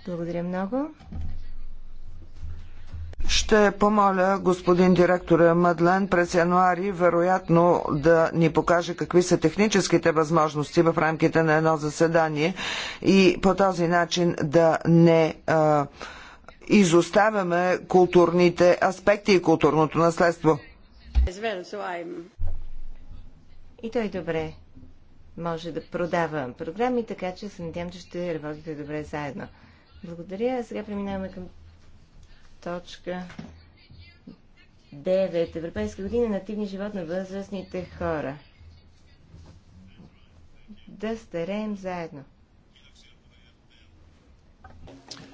Благодаря много. Ще помоля господин директора Мадлен през януари вероятно да ни покаже какви са техническите възможности в рамките на едно заседание и по този начин да не а, изоставяме културните аспекти и културното наследство. И той добре може да продава програми, така че се надявам, че ще работите добре заедно. Благодаря. Сега преминаваме към точка 9. Европейска година на активни живот на възрастните хора. Да стареем заедно.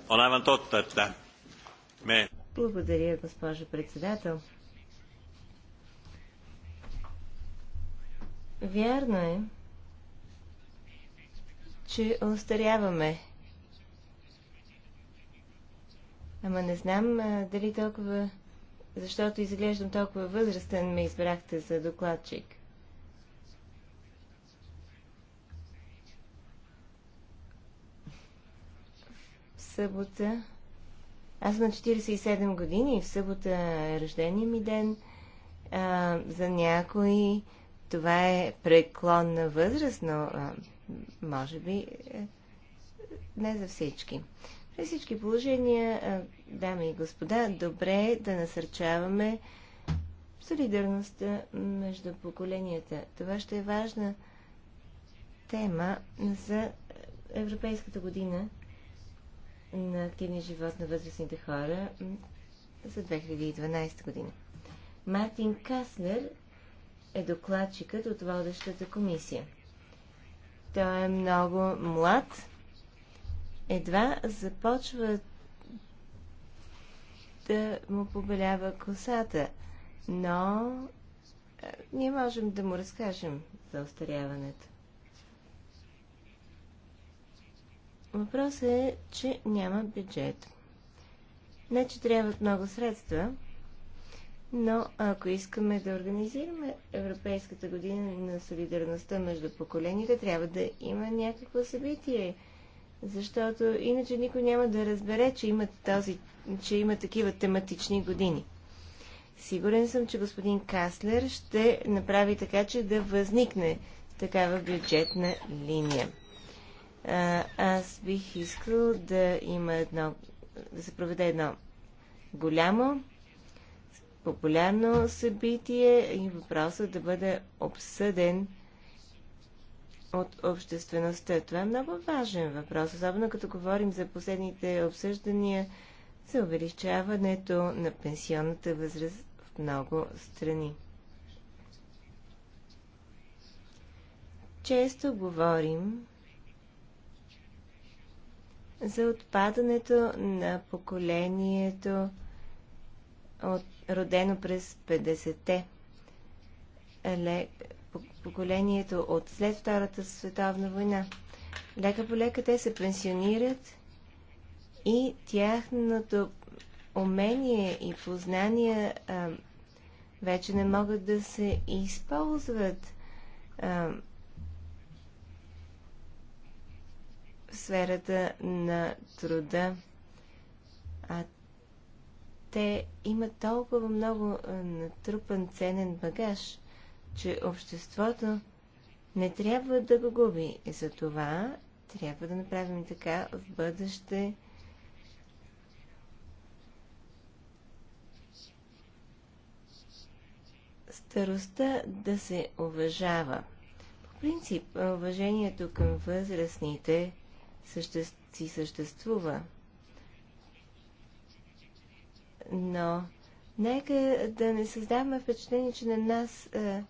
On aivan totta, että me... Благодаря, госпожо председател. Вярно е, че остаряваме. Ама не знам а, дали толкова, защото изглеждам толкова възрастен, ме избрахте за докладчик. В събота. Аз съм на 47 години и в събота е рождения ми ден. А, за някои това е преклонна възраст, но а, може би е, не за всички. При всички положения, дами и господа, добре е да насърчаваме солидарността между поколенията. Това ще е важна тема за Европейската година на активния живот на възрастните хора за 2012 година. Мартин Каснер е докладчикът от водещата комисия. Той е много млад едва започва да му побелява косата, но е, ние можем да му разкажем за остаряването. Въпросът е, че няма бюджет. Не, че трябват много средства, но ако искаме да организираме Европейската година на солидарността между поколенията, трябва да има някакво събитие – защото иначе никой няма да разбере, че има, този, че има такива тематични години. Сигурен съм, че господин Каслер ще направи така, че да възникне такава бюджетна линия. А, аз бих искал да има едно, да се проведе едно голямо, популярно събитие и въпросът да бъде обсъден от обществеността. Това е много важен въпрос, особено като говорим за последните обсъждания за увеличаването на пенсионната възраст в много страни. Често говорим за отпадането на поколението от, родено през 50-те поколението от след Втората световна война. Лека по лека те се пенсионират и тяхното умение и познания а, вече не могат да се използват а, в сферата на труда. А те имат толкова много натрупан ценен багаж че обществото не трябва да го губи. И за това трябва да направим така в бъдеще, старостта да се уважава. По принцип, уважението към възрастните съще... си съществува. Но нека да не създаваме впечатление, че на нас а, е,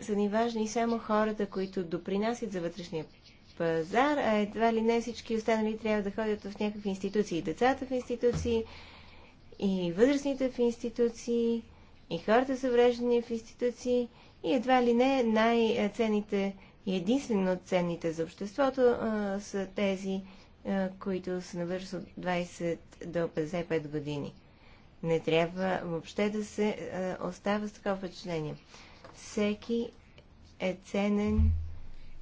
са ни важни само хората, които допринасят за вътрешния пазар, а едва ли не всички останали трябва да ходят в някакви институции. И децата в институции, и възрастните в институции, и хората са вреждани в институции, и едва ли не най-ценните и единствено ценните за обществото а, са тези, а, които се навършват от 20 до 55 години. Не трябва въобще да се а, остава с такова впечатление. Всеки е ценен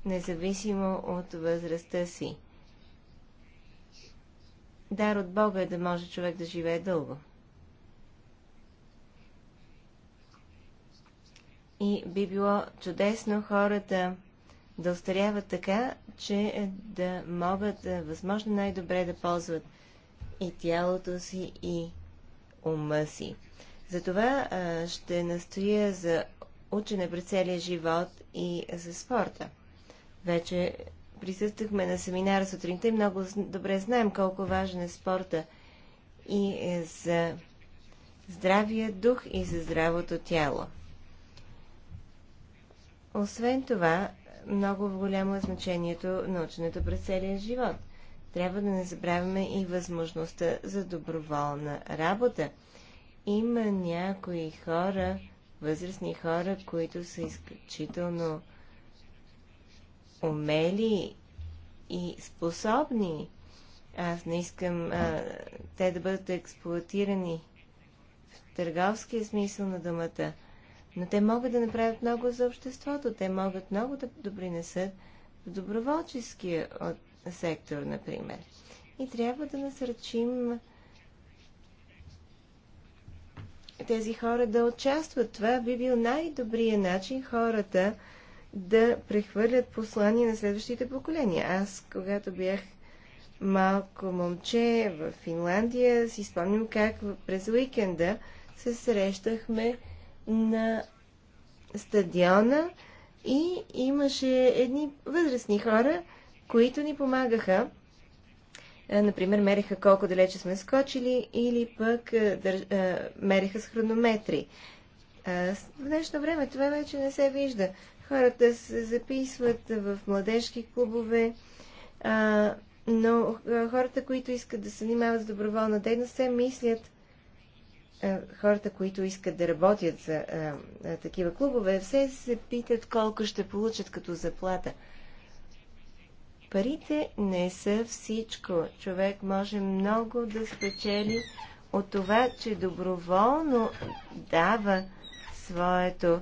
независимо от възрастта си. Дар от Бога е да може човек да живее дълго. И би било чудесно хората да устаряват така, че да могат възможно най-добре да ползват и тялото си, и ума си. Затова а, ще настоя за учене през целия живот и за спорта. Вече присъствахме на семинара сутринта и много добре знаем колко важен е спорта и е за здравия дух и за здравото тяло. Освен това, много голямо е значението на ученето през целия живот. Трябва да не забравяме и възможността за доброволна работа. Има някои хора, възрастни хора, които са изключително умели и способни. Аз не искам а, те да бъдат експлуатирани в търговския смисъл на думата, но те могат да направят много за обществото, те могат много да допринесат в доброволческия сектор, например. И трябва да насърчим тези хора да участват. Това би бил най-добрият начин хората да прехвърлят послания на следващите поколения. Аз, когато бях малко момче в Финландия, си спомням как през уикенда се срещахме на стадиона и имаше едни възрастни хора, които ни помагаха е, например, мериха колко далече сме скочили или пък е, държ... Е, с хронометри. В днешно време това вече не се вижда. Хората се записват в младежки клубове, но хората, които искат да се занимават с доброволна дейност, се мислят хората, които искат да работят за а, а, такива клубове, все се питат колко ще получат като заплата. Парите не са всичко. Човек може много да спечели от това, че доброволно дава своето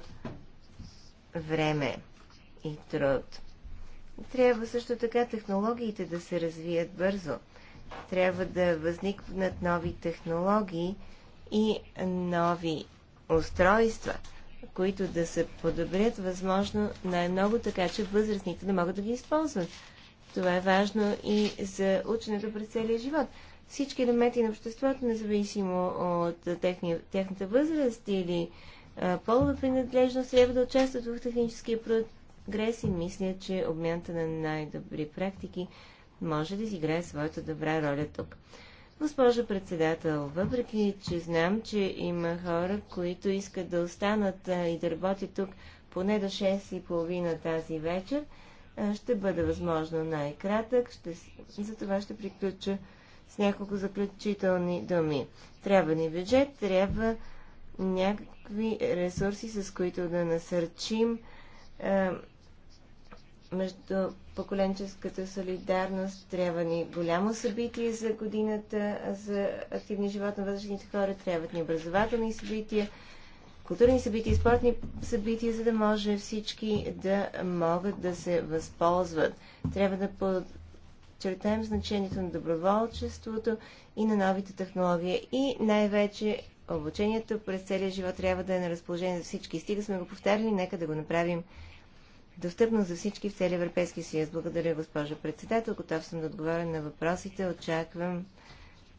време и труд. Трябва също така технологиите да се развият бързо. Трябва да възникнат нови технологии и нови устройства, които да се подобрят възможно най-много така, че възрастните да могат да ги използват. Това е важно и за ученето през целия живот. Всички елементи на обществото, независимо от техния, тяхната възраст или полова принадлежност, трябва да участват в техническия прогрес и мисля, че обмяната на най-добри практики може да изиграе своята добра роля тук. Госпожо председател, въпреки, че знам, че има хора, които искат да останат и да работят тук поне до 6 и половина тази вечер, е, ще бъде възможно най-кратък. Ще... За това ще приключа с няколко заключителни думи. Трябва ни бюджет, трябва някакви ресурси, с които да насърчим е, между поколенческата солидарност. Трябва ни голямо събитие за годината за активни живот на възрастните хора. Трябват ни образователни събития културни събития и спортни събития, за да може всички да могат да се възползват. Трябва да подчертаем значението на доброволчеството и на новите технологии и най-вече обучението през целия живот трябва да е на разположение за всички. Стига сме го повтаряли, нека да го направим достъпно за всички в целия Европейски съюз. Благодаря, госпожо председател. Готов съм да отговоря на въпросите. Очаквам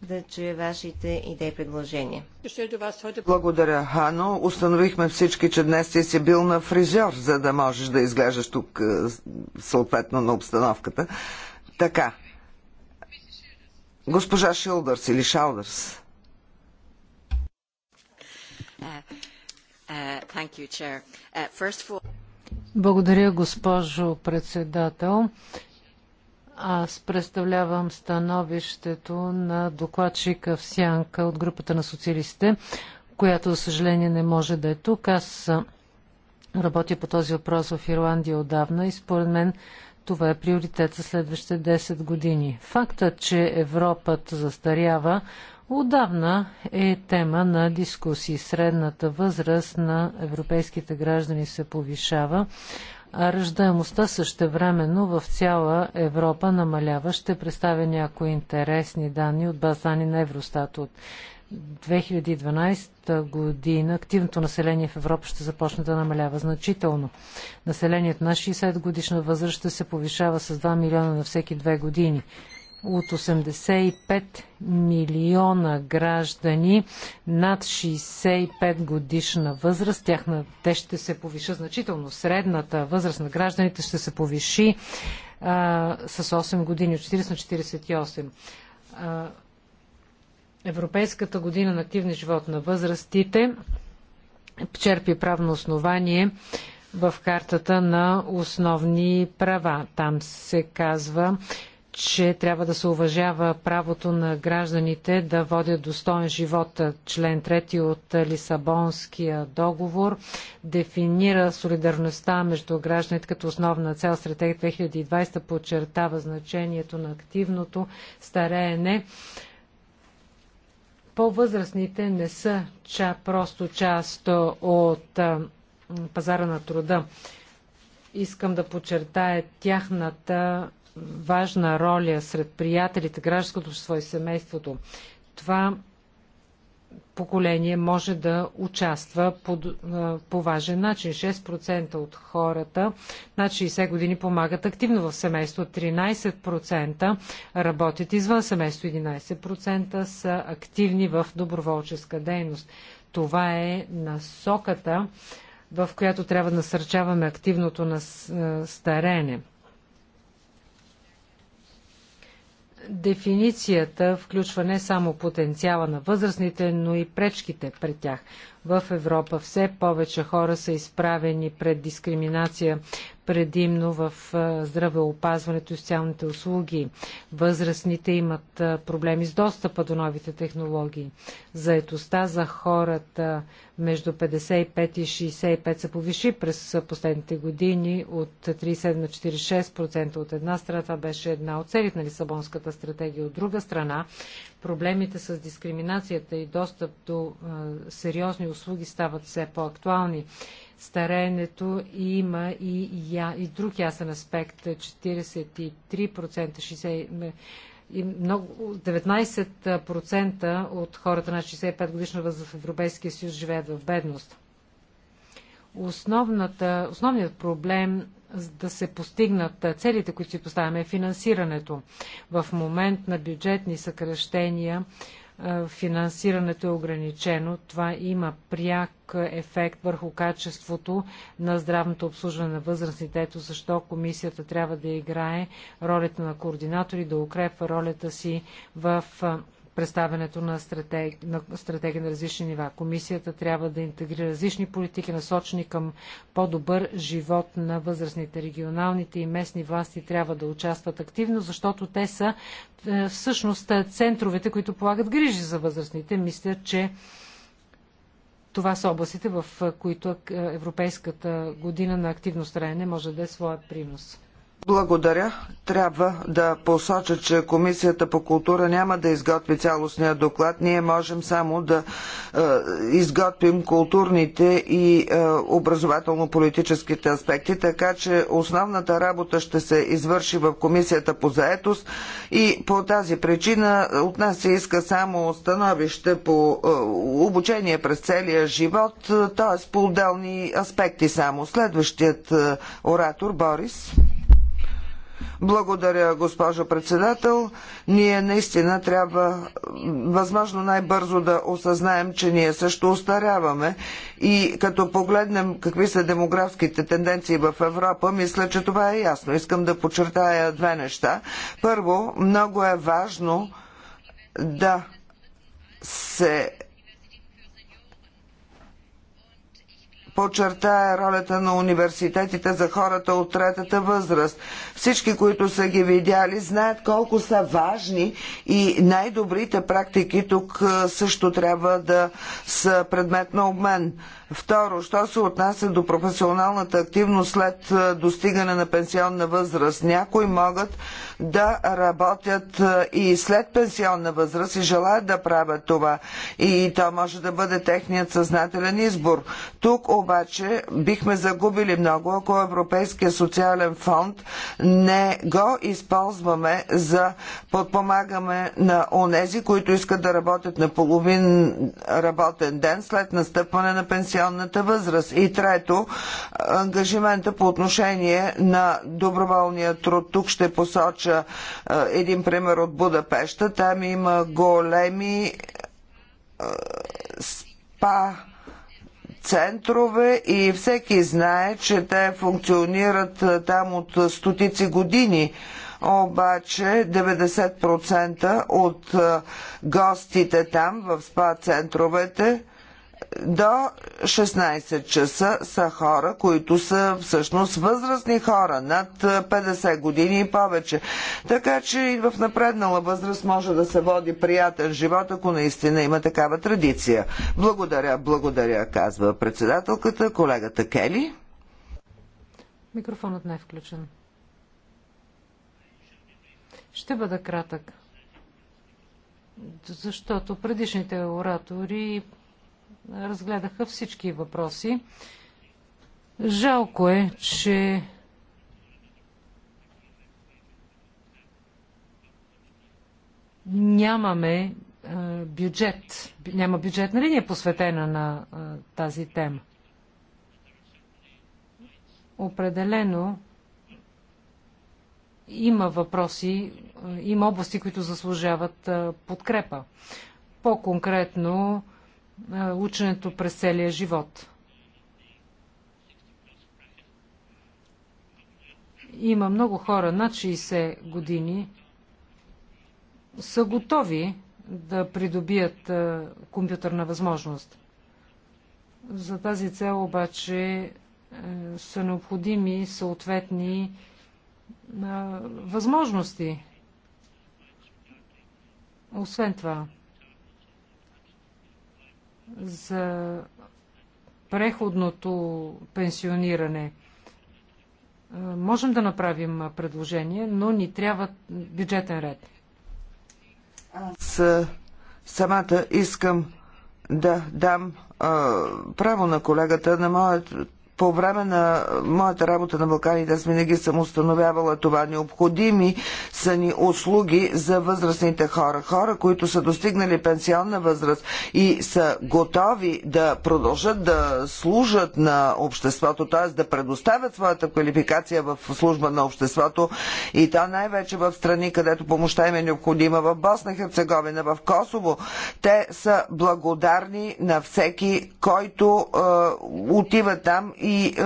да чуя вашите идеи и предложения. Благодаря, Хано. Установихме всички, че днес ти си бил на фризьор, за да можеш да изглеждаш тук е, съответно на обстановката. Така. Госпожа Шилдърс или Шалдърс. Uh, uh, uh, Благодаря, госпожо председател. Аз представлявам становището на докладчика в Сянка от групата на социалистите, която, за съжаление, не може да е тук. Аз работя по този въпрос в Ирландия отдавна и според мен това е приоритет за следващите 10 години. Фактът, че Европата застарява, отдавна е тема на дискусии. Средната възраст на европейските граждани се повишава, а ръждаемостта същевременно в цяла Европа намалява. Ще представя някои интересни данни от базани на Евростат от 2012 година активното население в Европа ще започне да намалява значително. Населението на 60 годишна възраст ще се повишава с 2 милиона на всеки две години от 85 милиона граждани над 65 годишна възраст. Тяхна, те ще се повиша значително. Средната възраст на гражданите ще се повиши а, с 8 години, от 40 на 48. А, Европейската година на активни живот на възрастите черпи правно основание в картата на основни права. Там се казва, че трябва да се уважава правото на гражданите да водят достоен живот. Член 3 от Лисабонския договор дефинира солидарността между гражданите като основна цел. Стратегия 2020 подчертава значението на активното стареене. По-възрастните не са ча, просто част от а, пазара на труда. Искам да подчертая тяхната важна роля сред приятелите, гражданското общество и семейството. Това поколение може да участва по, по важен начин. 6% от хората над 60 години помагат активно в семейство, 13% работят извън семейство, 11% са активни в доброволческа дейност. Това е насоката, в която трябва да насърчаваме активното на старене. Дефиницията включва не само потенциала на възрастните, но и пречките пред тях. В Европа все повече хора са изправени пред дискриминация предимно в здравеопазването и социалните услуги. Възрастните имат проблеми с достъпа до новите технологии. Заетостта за хората между 55 и 65 се повиши през последните години от 37 на 46% от една страна. Това беше една от целите на Лисабонската стратегия. От друга страна, проблемите с дискриминацията и достъп до сериозни услуги стават все по-актуални стареенето има и, я, и друг ясен аспект. 43%, 60, и много, 19% от хората на 65 годишна възраст в Европейския съюз живеят в бедност. Основната, основният проблем да се постигнат целите, които си поставяме, е финансирането. В момент на бюджетни съкръщения финансирането е ограничено, това има пряк ефект върху качеството на здравното обслужване на възрастните. Ето защо комисията трябва да играе ролята на координатор и да укрепва ролята си в представянето на, стратег... на стратегия на различни нива. Комисията трябва да интегрира различни политики, насочени към по-добър живот на възрастните. Регионалните и местни власти трябва да участват активно, защото те са е, всъщност е, центровете, които полагат грижи за възрастните. Мисля, че това са областите, в е, които Европейската година на активно строене може да е своя принос. Благодаря. Трябва да посоча, че Комисията по култура няма да изготви цялостния доклад. Ние можем само да е, изготвим културните и е, образователно-политическите аспекти, така че основната работа ще се извърши в Комисията по заетост и по тази причина от нас се иска само становище по е, обучение през целия живот, е, т.е. по отделни аспекти само. Следващият е, оратор Борис. Благодаря, госпожо председател. Ние наистина трябва възможно най-бързо да осъзнаем, че ние също остаряваме и като погледнем какви са демографските тенденции в Европа, мисля, че това е ясно. Искам да подчертая две неща. Първо, много е важно да се подчертая ролята на университетите за хората от третата възраст. Всички, които са ги видяли, знаят колко са важни и най-добрите практики тук също трябва да са предмет на обмен. Второ, що се отнася до професионалната активност след достигане на пенсионна възраст? Някои могат да работят и след пенсионна възраст и желаят да правят това. И то може да бъде техният съзнателен избор. Тук обаче бихме загубили много, ако Европейския социален фонд не го използваме за подпомагаме на онези, които искат да работят на половин работен ден след настъпване на пенсионната възраст. И трето, ангажимента по отношение на доброволния труд. Тук ще посоча кажа един пример от Будапешта. Там има големи спа центрове и всеки знае, че те функционират там от стотици години. Обаче 90% от гостите там в спа центровете до 16 часа са хора, които са всъщност възрастни хора, над 50 години и повече. Така че и в напреднала възраст може да се води приятен живот, ако наистина има такава традиция. Благодаря, благодаря, казва председателката, колегата Кели. Микрофонът не е включен. Ще бъда кратък. Защото предишните оратори разгледаха всички въпроси. Жалко е, че нямаме бюджет, няма бюджетна линия посветена на тази тема. Определено има въпроси, има области, които заслужават подкрепа. По-конкретно ученето през целия живот. Има много хора над 60 години, са готови да придобият компютърна възможност. За тази цел обаче са необходими съответни възможности. Освен това, за преходното пенсиониране. Е, можем да направим предложение, но ни трябва бюджетен ред. Аз самата искам да дам а, право на колегата на моят по време на моята работа на Балканите аз винаги съм установявала това. Необходими са ни услуги за възрастните хора. Хора, които са достигнали пенсионна възраст и са готови да продължат да служат на обществото, т.е. да предоставят своята квалификация в служба на обществото и то най-вече в страни, където помощта им е необходима, в Босна, и Херцеговина, в Косово. Те са благодарни на всеки, който е, отива там и е,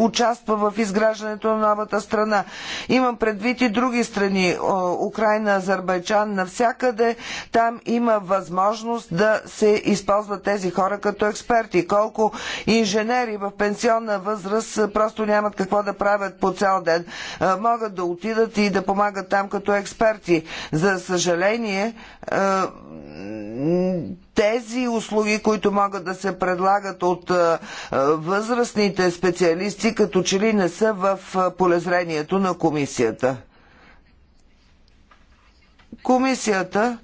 участва в изграждането на новата страна. Имам предвид и други страни, е, Украина, Азербайджан, навсякъде там има възможност да се използват тези хора като експерти. Колко инженери в пенсионна възраст е, просто нямат какво да правят по цял ден. Е, могат да отидат и да помагат там като експерти. За съжаление, е, тези услуги, които могат да се предлагат от е, възраст, частните специалисти като че ли не са в полезрението на комисията. Комисията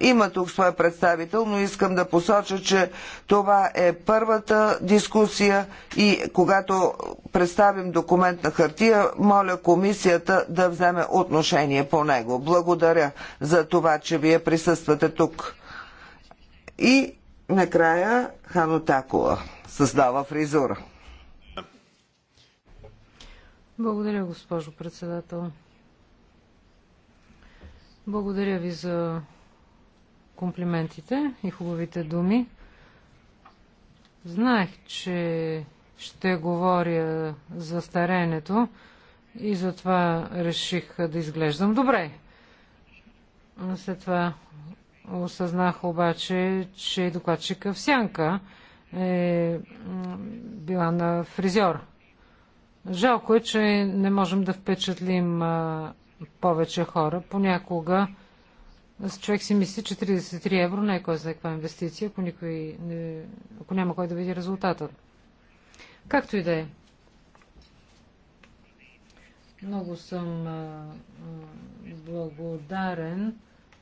има тук своя представител, но искам да посоча, че това е първата дискусия и когато представим документ на хартия, моля комисията да вземе отношение по него. Благодаря за това, че вие присъствате тук. И Накрая Хано Такова създава фризура. Благодаря, госпожо председател. Благодаря ви за комплиментите и хубавите думи. Знаех, че ще говоря за старенето и затова реших да изглеждам добре. След това Осъзнах обаче, че докладчика в сянка е била на фризьор. Жалко е, че не можем да впечатлим повече хора. Понякога човек си мисли, че 33 евро не е кой за каква инвестиция, ако, никой не, ако няма кой да види резултата. Както и да е. Много съм благодарен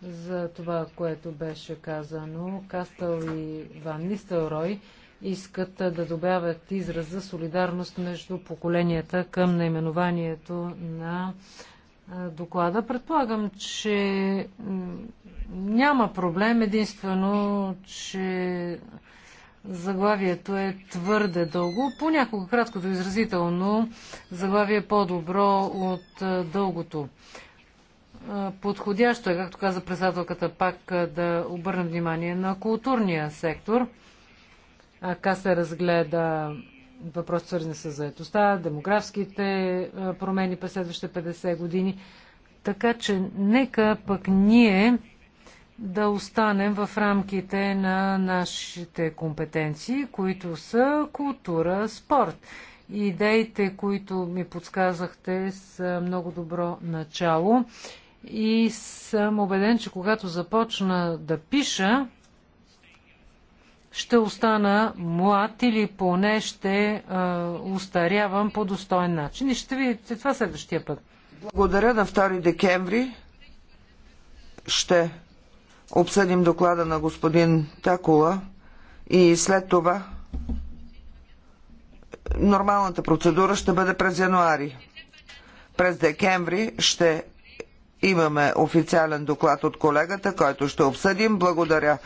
за това, което беше казано. Кастъл и Ван Нистелрой искат да добавят израз за солидарност между поколенията към наименованието на доклада. Предполагам, че няма проблем, единствено, че заглавието е твърде дълго. Понякога краткото изразително заглавие е по-добро от дългото подходящо е, както каза председателката, пак да обърнем внимание на културния сектор. Как се разгледа въпрос, свързани с заедостта, демографските промени през следващите 50 години. Така че нека пък ние да останем в рамките на нашите компетенции, които са култура, спорт. Идеите, които ми подсказахте, са много добро начало и съм убеден, че когато започна да пиша, ще остана млад или поне ще устарявам по достоен начин. И ще видите това е следващия път. Благодаря на 2 декември. Ще обсъдим доклада на господин Такула и след това нормалната процедура ще бъде през януари. През декември ще Имаме официален доклад от колегата, който ще обсъдим. Благодаря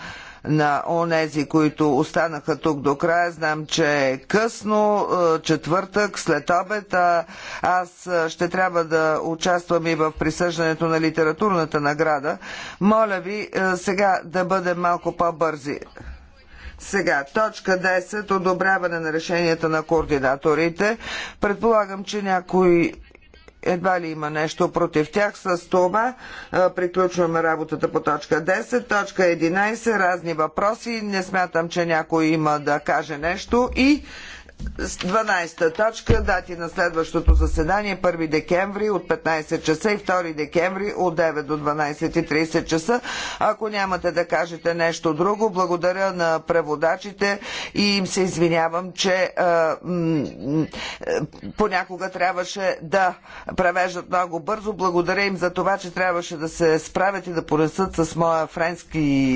на онези, които останаха тук до края. Знам, че е късно, е, четвъртък, след обед. А аз е, ще трябва да участвам и в присъждането на литературната награда. Моля ви е, сега да бъдем малко по-бързи. Сега, точка 10, одобряване на решенията на координаторите. Предполагам, че някой едва ли има нещо против тях. С това приключваме работата по точка 10. Точка 11. Разни въпроси. Не смятам, че някой има да каже нещо. И 12-та точка, дати на следващото заседание 1 декември от 15 часа и 2 декември от 9 до 12.30 часа. Ако нямате да кажете нещо друго, благодаря на преводачите и им се извинявам, че а, понякога трябваше да превеждат много бързо. Благодаря им за това, че трябваше да се справят и да понесат с моя френски